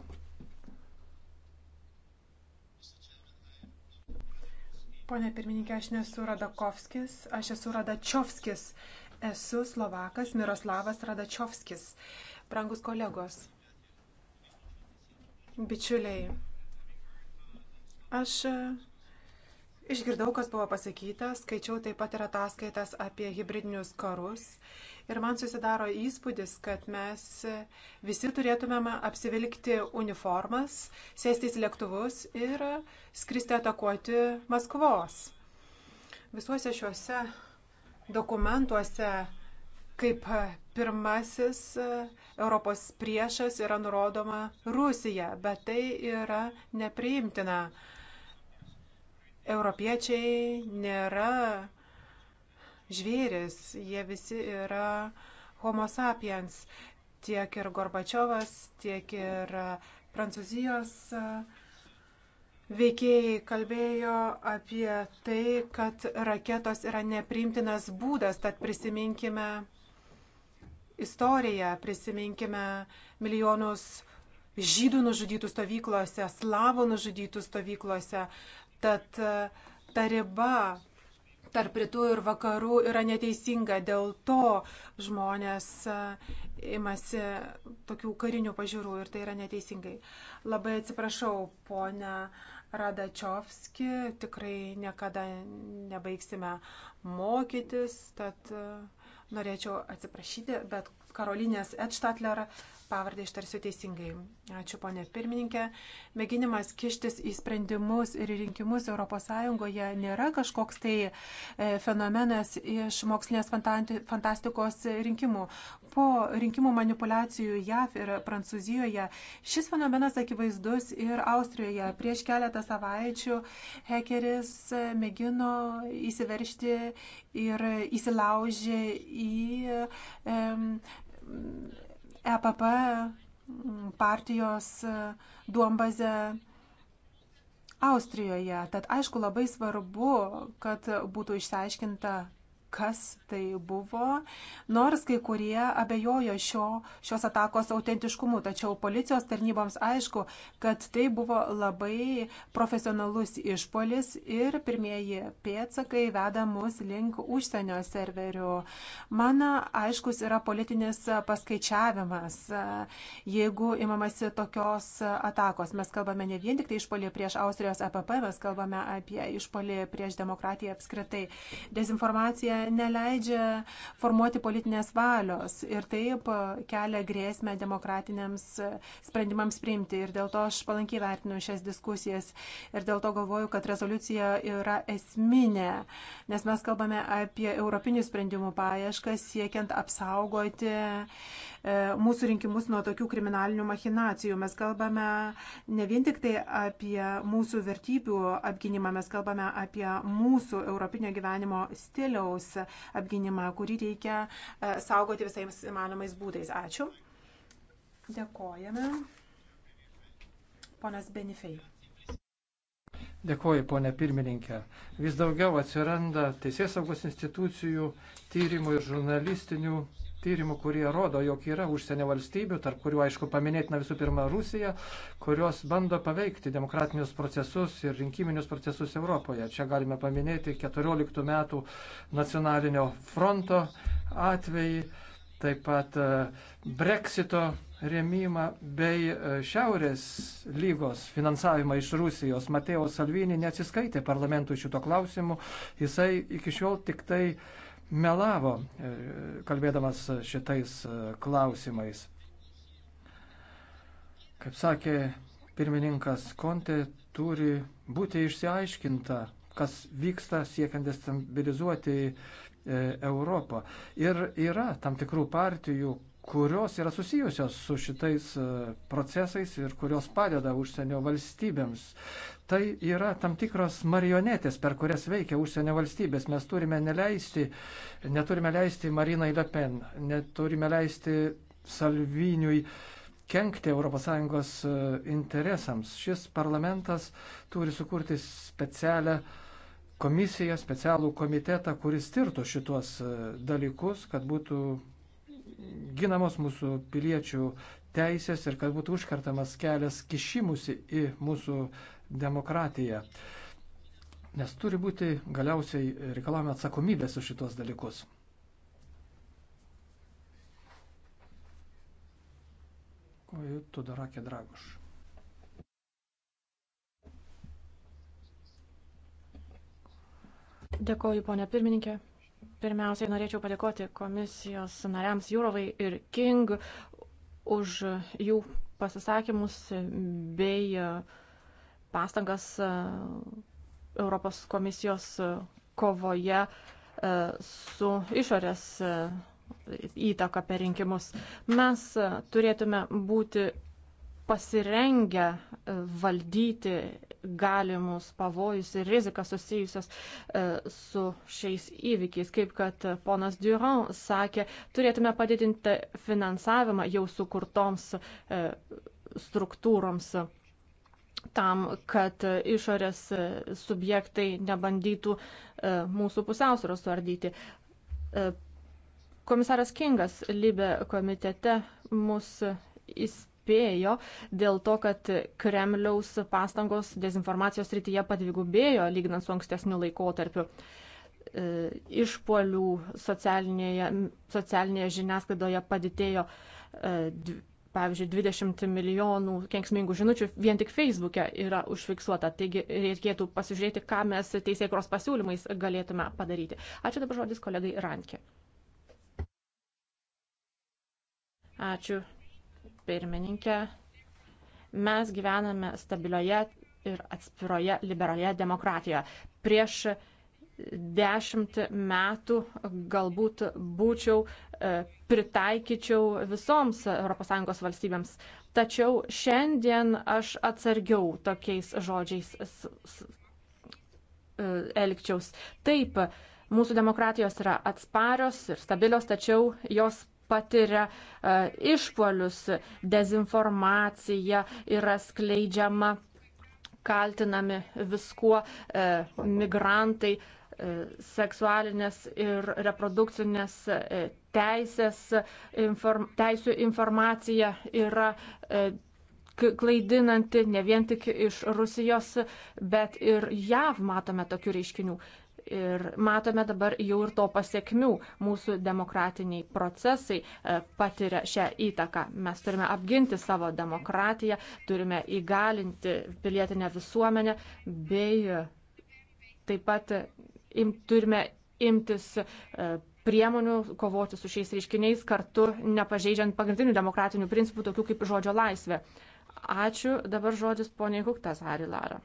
Pone pirmininkė, aš nesu Radakovskis, aš esu Radačiovskis, esu Slovakas Miroslavas Radačiovskis. Brangus kolegos, bičiuliai, aš Išgirdau, kas buvo pasakyta, skaičiau taip pat ir ataskaitas apie hybridinius karus ir man susidaro įspūdis, kad mes visi turėtumėme apsivilkti uniformas, sėstis lėktuvus ir skristi atakuoti Maskvos. Visuose šiuose dokumentuose kaip pirmasis Europos priešas yra nurodoma Rusija, bet tai yra nepriimtina europiečiai nėra žvėris, jie visi yra homo sapiens. Tiek ir Gorbačiovas, tiek ir e, Prancūzijos e, veikėjai kalbėjo apie tai, kad raketos yra nepriimtinas būdas, tad prisiminkime istoriją, prisiminkime milijonus žydų nužudytų stovyklose, slavų nužudytų stovyklose, Tad e, ta riba tarp rytų ir vakarų yra neteisinga, dėl to žmonės e, imasi tokių karinių pažiūrų ir tai yra neteisingai. Labai atsiprašau, ponia Radačiovski, tikrai niekada nebaigsime mokytis, tad e, norėčiau atsiprašyti, bet Karolinės Edštatler pavardę ištarsiu teisingai. Ačiū, ponė pirmininkė. Mėginimas kištis į sprendimus ir rinkimus ES nėra kažkoks tai e, fenomenas iš mokslinės fantastikos rinkimų. Po rinkimų manipulacijų JAV ir Prancūzijoje šis fenomenas akivaizdus ir Austrijoje. Prieš keletą savaičių hekeris e, mėgino įsiveršti ir įsilaužė į. Um, EPP mm, partijos e, duombazę Austrijoje. Tad aišku labai svarbu, kad būtų išsiaiškinta kas tai buvo, nors kai kurie abejojo šio, šios atakos autentiškumu, tačiau policijos tarnyboms aišku, kad tai buvo labai profesionalus išpolis ir pirmieji pėtsakai veda mus link užsienio serverių. Mano aiškus yra politinis paskaičiavimas, jeigu imamasi tokios atakos. Mes kalbame ne vien tik tai išpolį prieš Austrijos APP, mes kalbame apie išpolį prieš demokratiją apskritai. Dezinformacija neleidžia formuoti politinės valios ir taip kelia grėsmę demokratiniams eh, sprendimams priimti. Ir dėl to aš palankiai vertinu šias diskusijas ir dėl to galvoju, kad rezoliucija yra esminė, nes mes kalbame apie europinių sprendimų paieškas siekiant apsaugoti eh, mūsų rinkimus nuo tokių kriminalinių machinacijų. Mes kalbame ne vien tik tai apie mūsų vertybių apginimą, mes kalbame apie mūsų europinio gyvenimo stiliaus teisės apginimą, kurį reikia e, saugoti visais įmanomais būdais. Ačiū. Dėkojame. Ponas Benifei. Dėkuoju, ponė pirmininkė. Vis daugiau atsiranda teisės saugos institucijų tyrimų ir žurnalistinių tyrimų, kurie rodo, jog yra užsienio valstybių, tarp kurių, aišku, paminėtina visų pirma Rusija, kurios bando paveikti demokratinius procesus ir rinkiminius procesus Europoje. Čia galime paminėti 14 metų nacionalinio fronto atvejį, taip pat e, Brexito rėmimą bei e, Šiaurės lygos finansavimą iš Rusijos. Mateo Salvini neatsiskaitė parlamentui šito klausimu, jisai iki šiol tik tai uh, melavo, e, kalbėdamas šitais e, klausimais. Kaip sakė pirmininkas Konte, turi būti išsiaiškinta, kas vyksta siekiant destabilizuoti e, Europą. Ir yra tam tikrų partijų, kurios yra susijusios su šitais e, procesais ir kurios padeda užsienio valstybėms. Tai yra tam tikros marionetės, per kurias veikia užsienio valstybės. Mes turime neleisti, neturime leisti Marinai Le Pen, neturime leisti Salviniui kenkti ES e, interesams. Šis parlamentas turi sukurti specialią komisiją, specialų komitetą, kuris tirtų šitos e, dalykus, kad būtų ginamos mūsų piliečių teisės ir kad būtų užkartamas kelias kišimusi į mūsų demokratiją. Nes turi būti galiausiai reikalavome atsakomybės už šitos dalykus. Koju Tudorakė Draguš. Dėkoju, ponia pirmininkė. Pirmiausiai norėčiau padėkoti komisijos nariams Jūrovai ir King už jų pasisakymus bei pastangas e, Europos komisijos e, kovoje e, su išorės įtaka per rinkimus. Mes turėtume būti pasirengę valdyti galimus pavojus ir rizikas susijusias e, su šiais įvykiais. Kaip kad ponas Durand sakė, turėtume padidinti finansavimą jau sukurtoms e, struktūroms tam, kad išorės subjektai nebandytų e, mūsų pusiausvėros suardyti. Komisaras Kingas Libė komitete mus įspėjo sutrapėjo dėl to, kad Kremliaus pastangos dezinformacijos rytyje padvigubėjo lyginant su ankstesniu laikotarpiu. E, Išpolių socialinėje, socialinėje žiniasklaidoje padidėjo, e, pavyzdžiui, 20 milijonų kenksmingų žinučių vien tik Facebook'e yra užfiksuota. Taigi reikėtų pasižiūrėti, ką mes teisėkros pasiūlymais galėtume padaryti. Ačiū dabar žodis kolegai Rankė. Ačiū pirmininkė. Mes gyvename stabilioje ir atspiroje liberalioje demokratijoje. Prieš dešimt metų galbūt būčiau, e, pritaikyčiau visoms ES valstybėms. Tačiau šiandien aš atsargiau tokiais žodžiais e, elgčiaus. Taip, mūsų demokratijos yra atsparios ir stabilios, tačiau jos patiria e, išpolius, dezinformacija yra skleidžiama, kaltinami viskuo e, migrantai, e, seksualinės ir reprodukcinės teisės, inform, teisų informacija yra klaidinanti ne vien tik iš Rusijos, bet ir JAV matome tokių reiškinių. Ir matome dabar jau ir to pasiekmių. Mūsų demokratiniai procesai e, patiria šią įtaką. Mes turime apginti savo demokratiją, turime įgalinti pilietinę visuomenę, bei e, taip pat e, im, turime imtis priemonių kovoti su šiais reiškiniais, kartu nepažeidžiant pagrindinių demokratinių principų, tokių kaip žodžio laisvė. Ačiū. Dabar žodis poniai Huktas Ari Lara.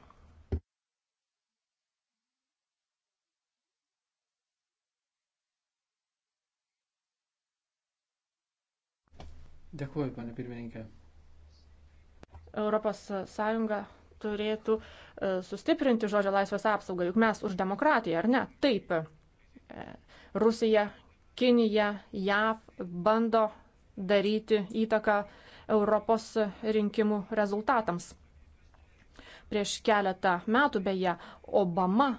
Dėkuoju, pane pirmininkė. Europos Sąjunga turėtų e, sustiprinti žodžio laisvės apsaugą, juk mes už demokratiją, ar ne? Taip. E, Rusija, Kinija, JAV bando daryti įtaką Europos rinkimų rezultatams. Prieš keletą metų beje Obama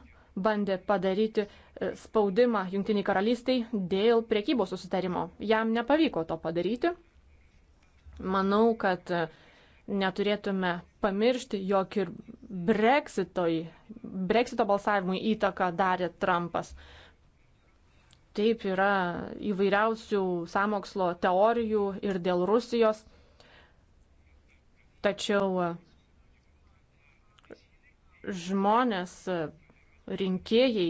bandė padaryti e, spaudimą Junktiniai karalystiai dėl priekybos susitarimo. Jam nepavyko to padaryti Manau, kad e, neturėtume pamiršti, jog ir Brexito balsavimui įtaką darė Trumpas. Taip yra įvairiausių samokslo teorijų ir dėl Rusijos. Tačiau e, žmonės, e, rinkėjai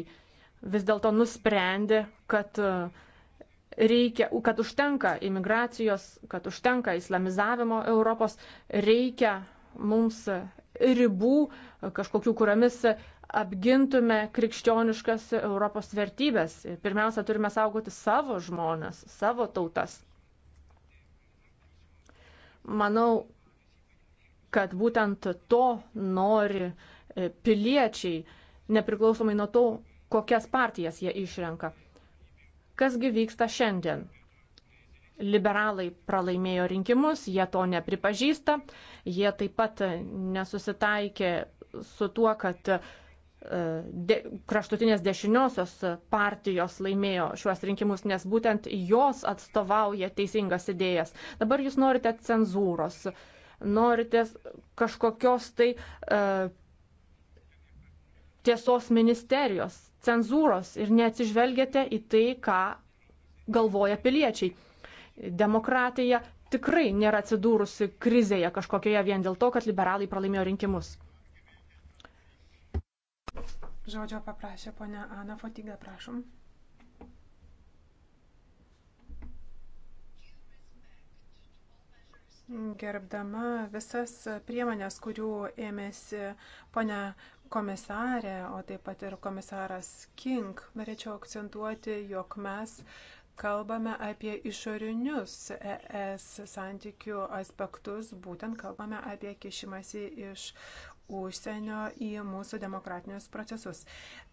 vis dėlto nusprendė, kad uh, reikia, kad užtenka imigracijos, kad užtenka islamizavimo Europos, reikia mums ribų kažkokių, kuriomis apgintume krikščioniškas Europos vertybės. Pirmiausia, turime saugoti savo žmonės, savo tautas. Manau, kad būtent to nori e, piliečiai, nepriklausomai nuo to, kokias partijas jie išrenka. Kasgi vyksta šiandien? Liberalai pralaimėjo rinkimus, jie to nepripažįsta, jie taip pat nesusitaikė su tuo, kad e, de, kraštutinės dešiniosios partijos laimėjo šiuos rinkimus, nes būtent jos atstovauja teisingas idėjas. Dabar jūs norite cenzūros, norite kažkokios tai e, tiesos ministerijos, cenzūros ir neatsižvelgiate į tai, ką galvoja piliečiai. Demokratija tikrai nėra atsidūrusi krizėje kažkokioje vien dėl to, kad liberalai pralaimėjo rinkimus. Žodžio paprašė ponia Ana Fotiga, prašom. Gerbdama visas priemonės, kurių ėmėsi ponia komisarė, o taip pat ir komisaras King, norėčiau akcentuoti, jog mes kalbame apie išorinius ES santykių aspektus, būtent kalbame apie kišimasi iš užsienio į mūsų demokratinius procesus.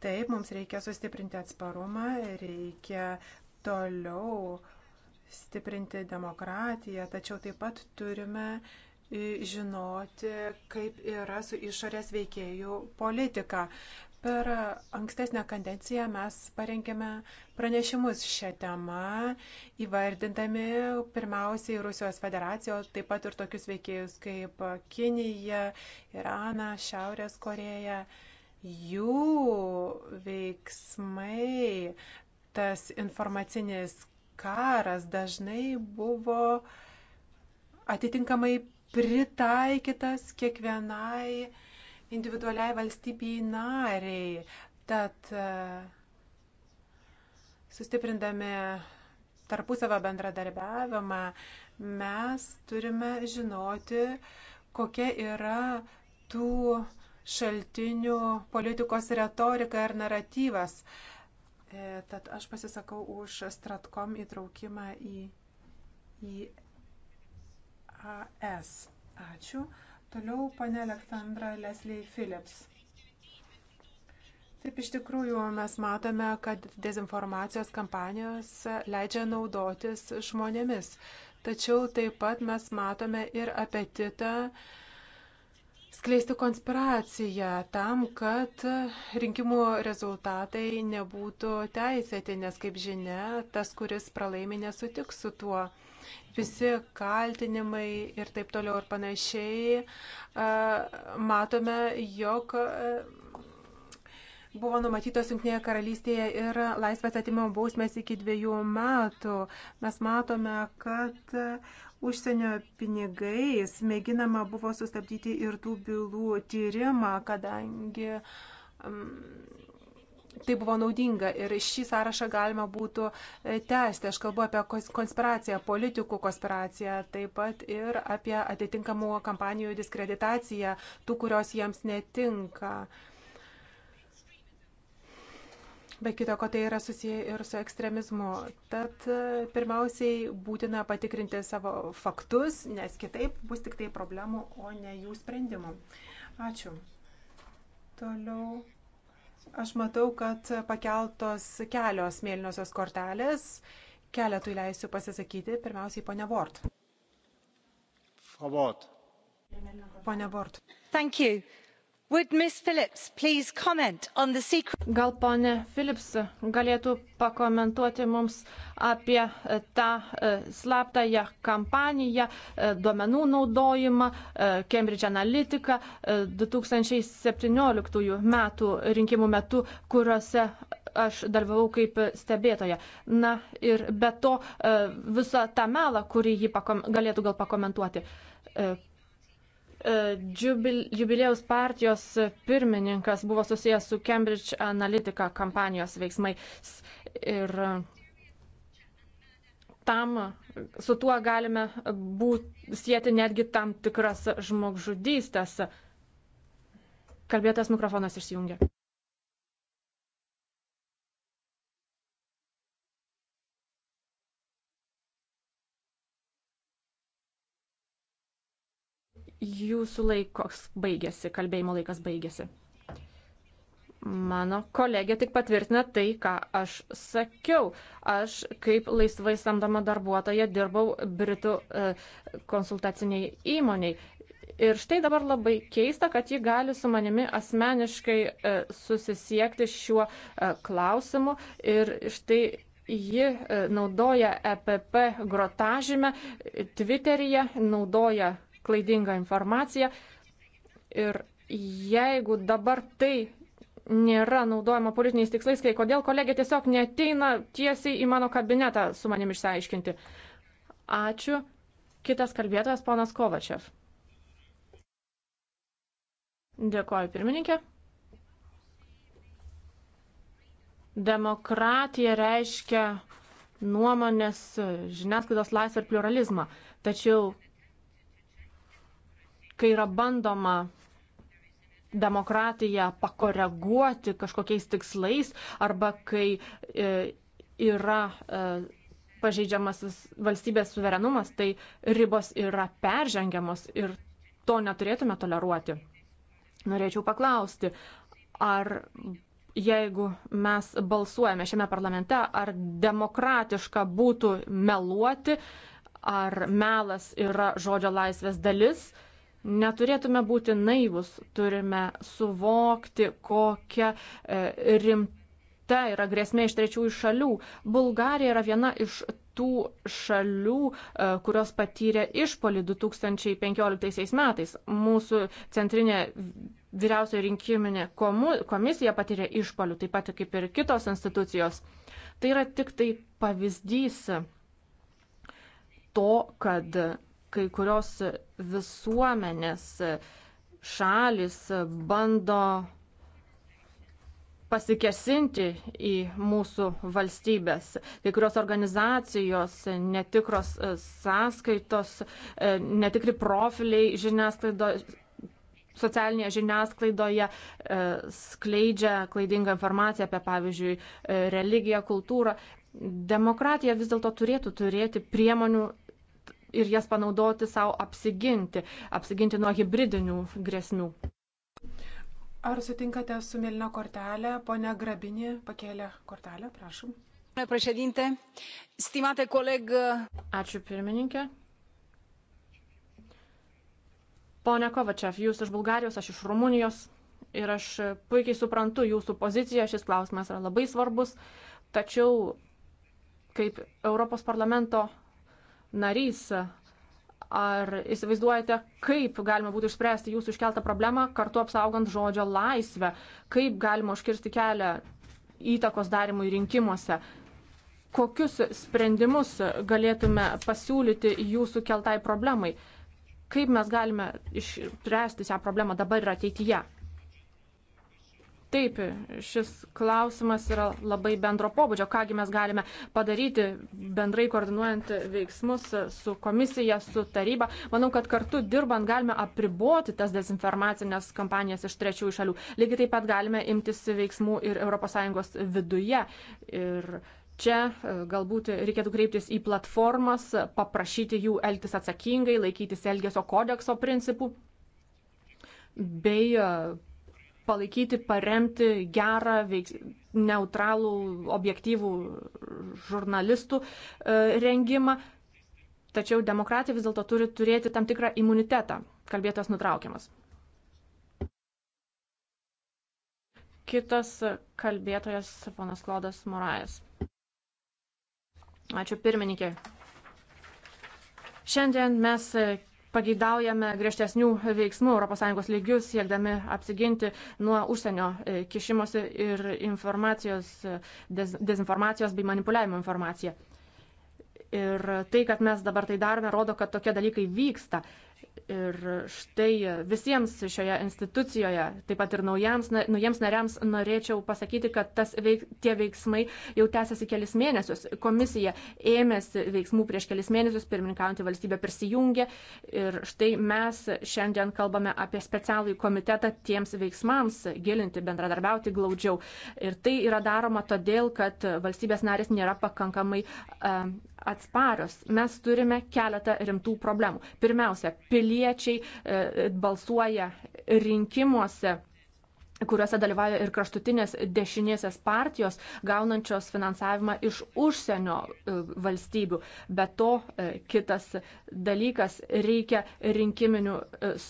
Taip, mums reikia sustiprinti atsparumą, reikia toliau stiprinti demokratiją, tačiau taip pat turime žinoti, kaip yra su išorės veikėjų politika. Per ankstesnę kadenciją mes parengėme pranešimus šią temą, įvardindami pirmiausiai Rusijos federacijos, taip pat ir tokius veikėjus kaip Kinija, Iraną, Šiaurės Koreja. Jų veiksmai, tas informacinis karas dažnai buvo atitinkamai pritaikytas kiekvienai individualiai valstybei nariai. Tad e, sustiprindami tarpusavio bendradarbiavimą mes turime žinoti, kokia yra tų šaltinių politikos retorika ir naratyvas. E, tad aš pasisakau už Stratkom įtraukimą į, į EAS. Ačiū. Toliau pane Aleksandra Leslie Phillips. Taip, iš tikrųjų, mes matome, kad dezinformacijos kampanijos leidžia naudotis žmonėmis. Tačiau taip pat mes matome ir apetitą skleisti konspiraciją tam, kad rinkimų rezultatai nebūtų teisėti, nes, kaip žinia, tas, kuris pralaimi, nesutiks su tuo visi kaltinimai ir taip toliau ir panašiai, matome, jog buvo numatytos Junktinėje karalystėje ir laisvės atimo bausmės iki dviejų metų. Mes matome, kad užsienio pinigais mėginama buvo sustabdyti ir tų bylų tyrimą, kadangi um, tai buvo naudinga ir šį sąrašą galima būtų e, tęsti. Aš kalbu apie konspiraciją, politikų konspiraciją, taip pat ir apie atitinkamų kampanijų diskreditaciją, tų, kurios jiems netinka. Be kito, ko tai yra susiję ir su ekstremizmu. Tad e, pirmiausiai būtina patikrinti savo faktus, nes kitaip bus tik tai problemų, o ne jų sprendimų. Ačiū. Toliau. Aš matau, kad pakeltos kelios mėlynosios kortelės. Keletui leisiu pasisakyti. Pirmiausiai, ponia Vort. Vort. Ponia Vort. Thank you. Gal ponė Philips galėtų pakomentuoti mums apie e, tą e, slaptąją kampaniją, e, duomenų naudojimą, Cambridge Analytica 2017 metų rinkimų metu, kuriuose aš dalyvau kaip stebėtoja. Na ir be to visą tą melą, kurį ji galėtų gal pakomentuoti. E, Jubilėjaus partijos pirmininkas buvo susijęs su Cambridge Analytica kampanijos veiksmais ir tam, su tuo galime būt, sieti netgi tam tikras žmogžudystės. Kalbėtas mikrofonas išsijungia. jūsų laikos baigėsi, kalbėjimo laikas baigėsi. Mano kolegė tik patvirtina tai, ką aš sakiau. Aš kaip laisvai samdoma darbuotoja dirbau Britų e, konsultaciniai įmoniai. Ir štai dabar labai keista, kad ji gali su manimi asmeniškai e, susisiekti šiuo e, klausimu. Ir štai ji e, naudoja EPP grotažymę, Twitteryje naudoja klaidingą informaciją. Ir jeigu dabar tai nėra naudojama politiniais tikslais, tai kodėl kolegė tiesiog neteina tiesiai į mano kabinetą su manim išsiaiškinti? Ačiū. Kitas kalbėtojas, ponas Kovačev. Dėkoju, pirmininkė. Demokratija reiškia nuomonės, žiniasklaidos laisvę ir pluralizmą. Tačiau kai yra bandoma demokratiją pakoreguoti kažkokiais tikslais arba kai e, yra e, pažeidžiamas valstybės suverenumas, tai ribos yra peržengiamos ir to neturėtume toleruoti. Norėčiau paklausti, ar jeigu mes balsuojame šiame parlamente, ar demokratiška būtų meluoti, ar melas yra žodžio laisvės dalis, Neturėtume būti naivus, turime suvokti, kokia e, rimta yra grėsmė iš trečiųjų šalių. Bulgarija yra viena iš tų šalių, e, kurios patyrė išpolį 2015 metais. Mūsų centrinė vyriausioji rinkiminė komisija patyrė išpolių, taip pat kaip ir kitos institucijos. Tai yra tik tai pavyzdys to, kad kai kurios visuomenės šalis bando pasikesinti į mūsų valstybės. Kai kurios organizacijos, netikros sąskaitos, netikri profiliai žiniasklaidos socialinėje žiniasklaidoje e, skleidžia klaidingą informaciją apie, pavyzdžiui, e, religiją, kultūrą. Demokratija vis dėlto turėtų turėti priemonių ir jas panaudoti savo apsiginti, apsiginti nuo hybridinių grėsmių. Ar sutinkate su Milino kortelė? Pone Grabinė pakėlė kortelę, prašom. Președinte, stimate coleg. Ačiū pirmininkė. Pone Kovačev, jūs iš Bulgarijos, aš iš Rumunijos ir aš puikiai suprantu jūsų poziciją, šis klausimas yra labai svarbus, tačiau kaip Europos parlamento narys. Ar įsivaizduojate, kaip galima būtų išspręsti jūsų iškeltą problemą, kartu apsaugant žodžio laisvę? Kaip galima užkirsti kelią įtakos darimui rinkimuose? Kokius sprendimus galėtume pasiūlyti jūsų keltai problemai? Kaip mes galime išspręsti šią problemą dabar ir ateityje? Taip, šis klausimas yra labai bendro pobūdžio, kągi mes galime padaryti bendrai koordinuojant veiksmus su komisija, su taryba. Manau, kad kartu dirbant galime apriboti tas dezinformacinės kampanijas iš trečiųjų šalių. Lygiai taip pat galime imtis veiksmų ir ES viduje. Ir čia e, galbūt reikėtų kreiptis į platformas, paprašyti jų elgtis atsakingai, laikytis Elgesio kodekso principų bei e, palaikyti, paremti gerą, veiks, neutralų, objektyvų žurnalistų e, rengimą. Tačiau demokratija vis dėlto turi turėti tam tikrą imunitetą. Kalbėtas nutraukiamas. Kitas kalbėtojas, ponas Klodas Morajas. Ačiū pirmininkė. Šiandien mes Pageidaujame griežtesnių veiksmų ES lygių, siekdami apsiginti nuo užsienio e, kišimosi ir informacijos, e, dezinformacijos bei manipuliavimo informaciją. Ir tai, kad mes dabar tai darome, rodo, kad tokie dalykai vyksta. Ir štai e, visiems šioje institucijoje, taip pat ir naujams, naujiems nariams, norėčiau pasakyti, kad tas veik, tie veiksmai jau tęsiasi kelis mėnesius. Komisija ėmėsi veiksmų prieš kelis mėnesius, pirmininkaujantį valstybę prisijungė. Ir štai mes šiandien kalbame apie specialųjį komitetą tiems veiksmams gilinti, bendradarbiauti glaudžiau. Ir tai yra daroma todėl, kad valstybės narės nėra pakankamai uh, atsparios, mes turime keletą rimtų problemų. Pirmiausia, piliečiai e, balsuoja rinkimuose kuriuose dalyvauja ir kraštutinės dešinėsės partijos, gaunančios finansavimą iš užsienio e, valstybių. Be to, e, kitas dalykas, reikia rinkiminių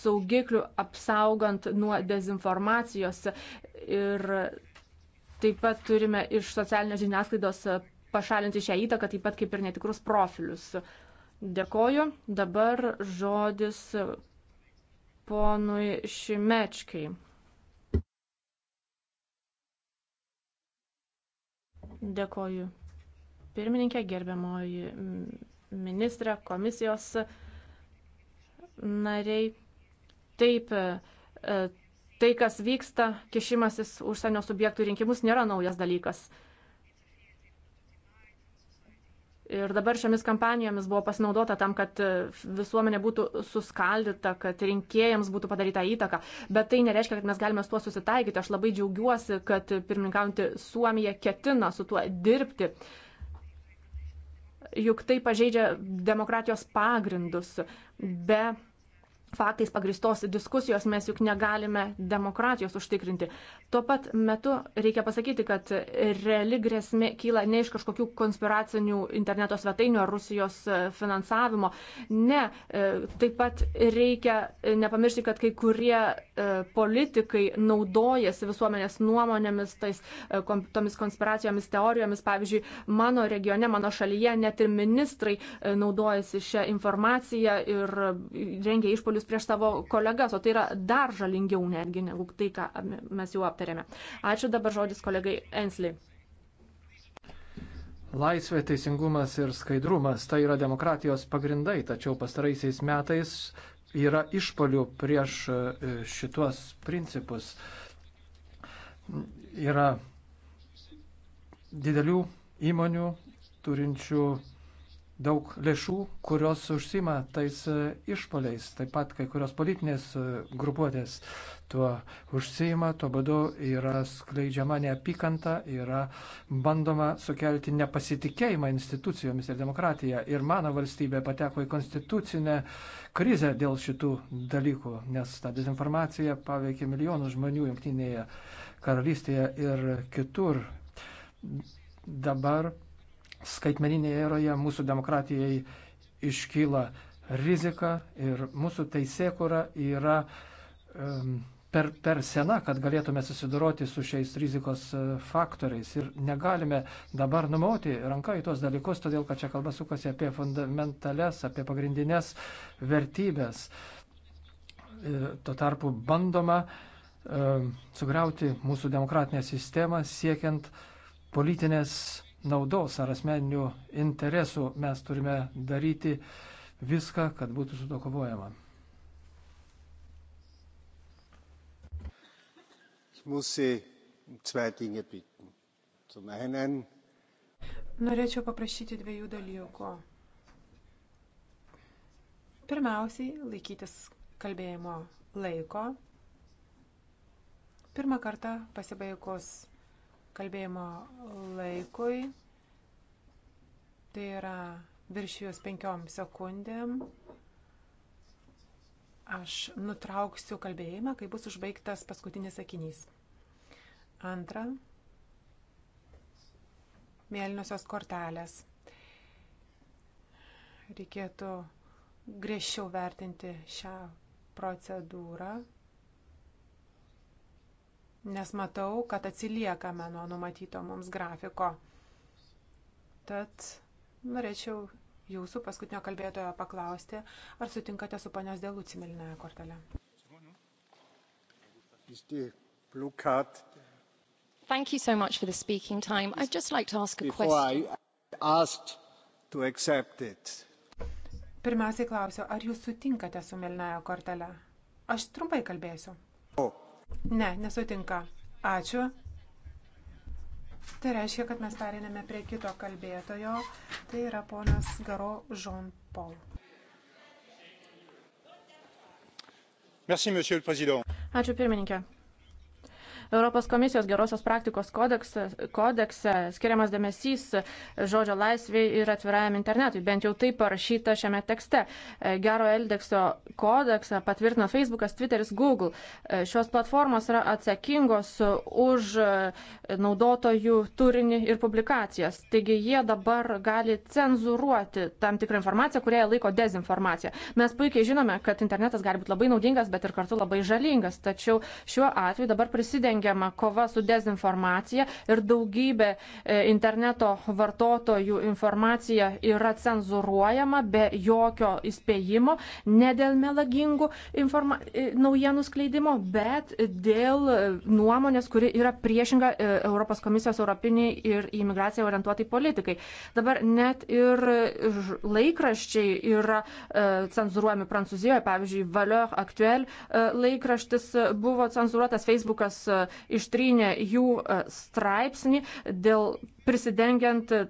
saugiklių apsaugant nuo dezinformacijos ir taip pat turime iš socialinės žiniasklaidos pašalinti šią įtaką, taip pat kaip ir netikrus profilius. Dėkoju. Dabar žodis ponui Šimečkai. Dėkoju. Pirmininkė, gerbiamoji ministrė, komisijos nariai. Taip, e, tai, kas vyksta, kišimasis užsienio subjektų rinkimus nėra naujas dalykas. Ir dabar šiomis kampanijomis buvo pasinaudota tam, kad e, visuomenė būtų suskaldyta, kad rinkėjams būtų padaryta įtaka. Bet tai nereiškia, kad mes galime su tuo susitaikyti. Aš labai džiaugiuosi, kad pirmininkaujantį Suomiją ketina su tuo dirbti. Juk tai pažeidžia demokratijos pagrindus. Be faktais pagristos diskusijos mes juk negalime demokratijos užtikrinti. Tuo pat metu reikia pasakyti, kad reali grėsmė kyla ne iš kažkokių konspiracinių interneto svetainių ar Rusijos e, finansavimo. Ne, e, taip pat reikia e, nepamiršti, kad kai kurie politikai naudojasi visuomenės nuomonėmis, tais, tomis konspiracijomis, teorijomis. Pavyzdžiui, mano regione, mano šalyje net ir ministrai naudojasi šią informaciją ir rengia išpolius požiūris prieš savo kolegas, o tai yra dar žalingiau netgi negu tai, ką mes jau aptarėme. Ačiū dabar žodis kolegai Ensliai. Laisvė, teisingumas ir skaidrumas tai yra demokratijos pagrindai, tačiau pastaraisiais metais yra išpolių prieš e, šitos principus. Yra didelių įmonių turinčių daug lėšų, kurios užsima tais e, išpoliais. Taip pat kai kurios politinės e, grupuotės tuo užsima, tuo būdu yra skleidžiama neapykanta, yra bandoma sukelti nepasitikėjimą institucijomis ir demokratiją. Ir mano valstybė pateko į konstitucinę krizę dėl šitų dalykų, nes ta dezinformacija paveikė milijonus žmonių jungtinėje karalystėje ir kitur. Dabar skaitmeninėje eroje mūsų demokratijai iškyla rizika ir mūsų teisėkura yra um, per, per sena, kad galėtume susidoroti su šiais rizikos e, faktoriais. Ir negalime dabar numauti ranką į tuos dalykus, todėl kad čia kalba sukasi apie fundamentales, apie pagrindinės vertybės. E, tuo tarpu bandoma e, sugriauti mūsų demokratinę sistemą siekiant politinės naudos ar asmeninių interesų mes turime daryti viską, kad būtų su to kovojama. Um Norėčiau paprašyti dviejų dalykų. Pirmiausiai, laikytis kalbėjimo laiko. Pirmą kartą pasibaigus kalbėjimo laikui. Tai yra virš jūs penkiom sekundėm. Aš nutrauksiu kalbėjimą, kai bus užbaigtas paskutinis sakinys. Antra. Mėlynosios kortelės. Reikėtų griežčiau vertinti šią procedūrą nes matau, kad atsiliekame nuo numatyto mums grafiko. Tad norėčiau jūsų paskutinio kalbėtojo paklausti, ar sutinkate su panios dėlų civilinėje kortelė. Thank you so much for the speaking time. I'd just like to ask a Before question. I asked to accept it. Pirmiausiai klausiu, ar jūs sutinkate su Milnaja kortele? Aš trumpai kalbėsiu. Oh. Ne, nesutinka. Ačiū. Tai reiškia, kad mes periname prie kito kalbėtojo. Tai yra ponas Garo Jean-Paul. Ačiū pirmininkė. Europos komisijos gerosios praktikos kodekse, kodekse skiriamas dėmesys žodžio laisviai ir atvirajam internetui. Bent jau tai parašyta šiame tekste. Gero Eldeksio kodeksą patvirtino Facebookas, Twitteris, Google. Šios platformos yra atsakingos už naudotojų turinį ir publikacijas. Taigi jie dabar gali cenzuruoti tam tikrą informaciją, kurią jie laiko dezinformacija. Mes puikiai žinome, kad internetas gali būti labai naudingas, bet ir kartu labai žalingas. Tačiau šiuo atveju dabar prisidengia rengiama kova su dezinformacija ir daugybė e, interneto vartotojų informacija yra cenzuruojama be jokio įspėjimo, ne dėl melagingų informa... E, naujienų skleidimo, bet dėl nuomonės, kuri yra priešinga e, Europos komisijos europiniai ir į imigraciją orientuotai politikai. Dabar net ir laikraščiai yra cenzuruojami Prancūzijoje, pavyzdžiui, Valeur Actuel laikraštis buvo cenzuruotas, Facebookas ištrynė jų e, straipsnį dėl prisidengiant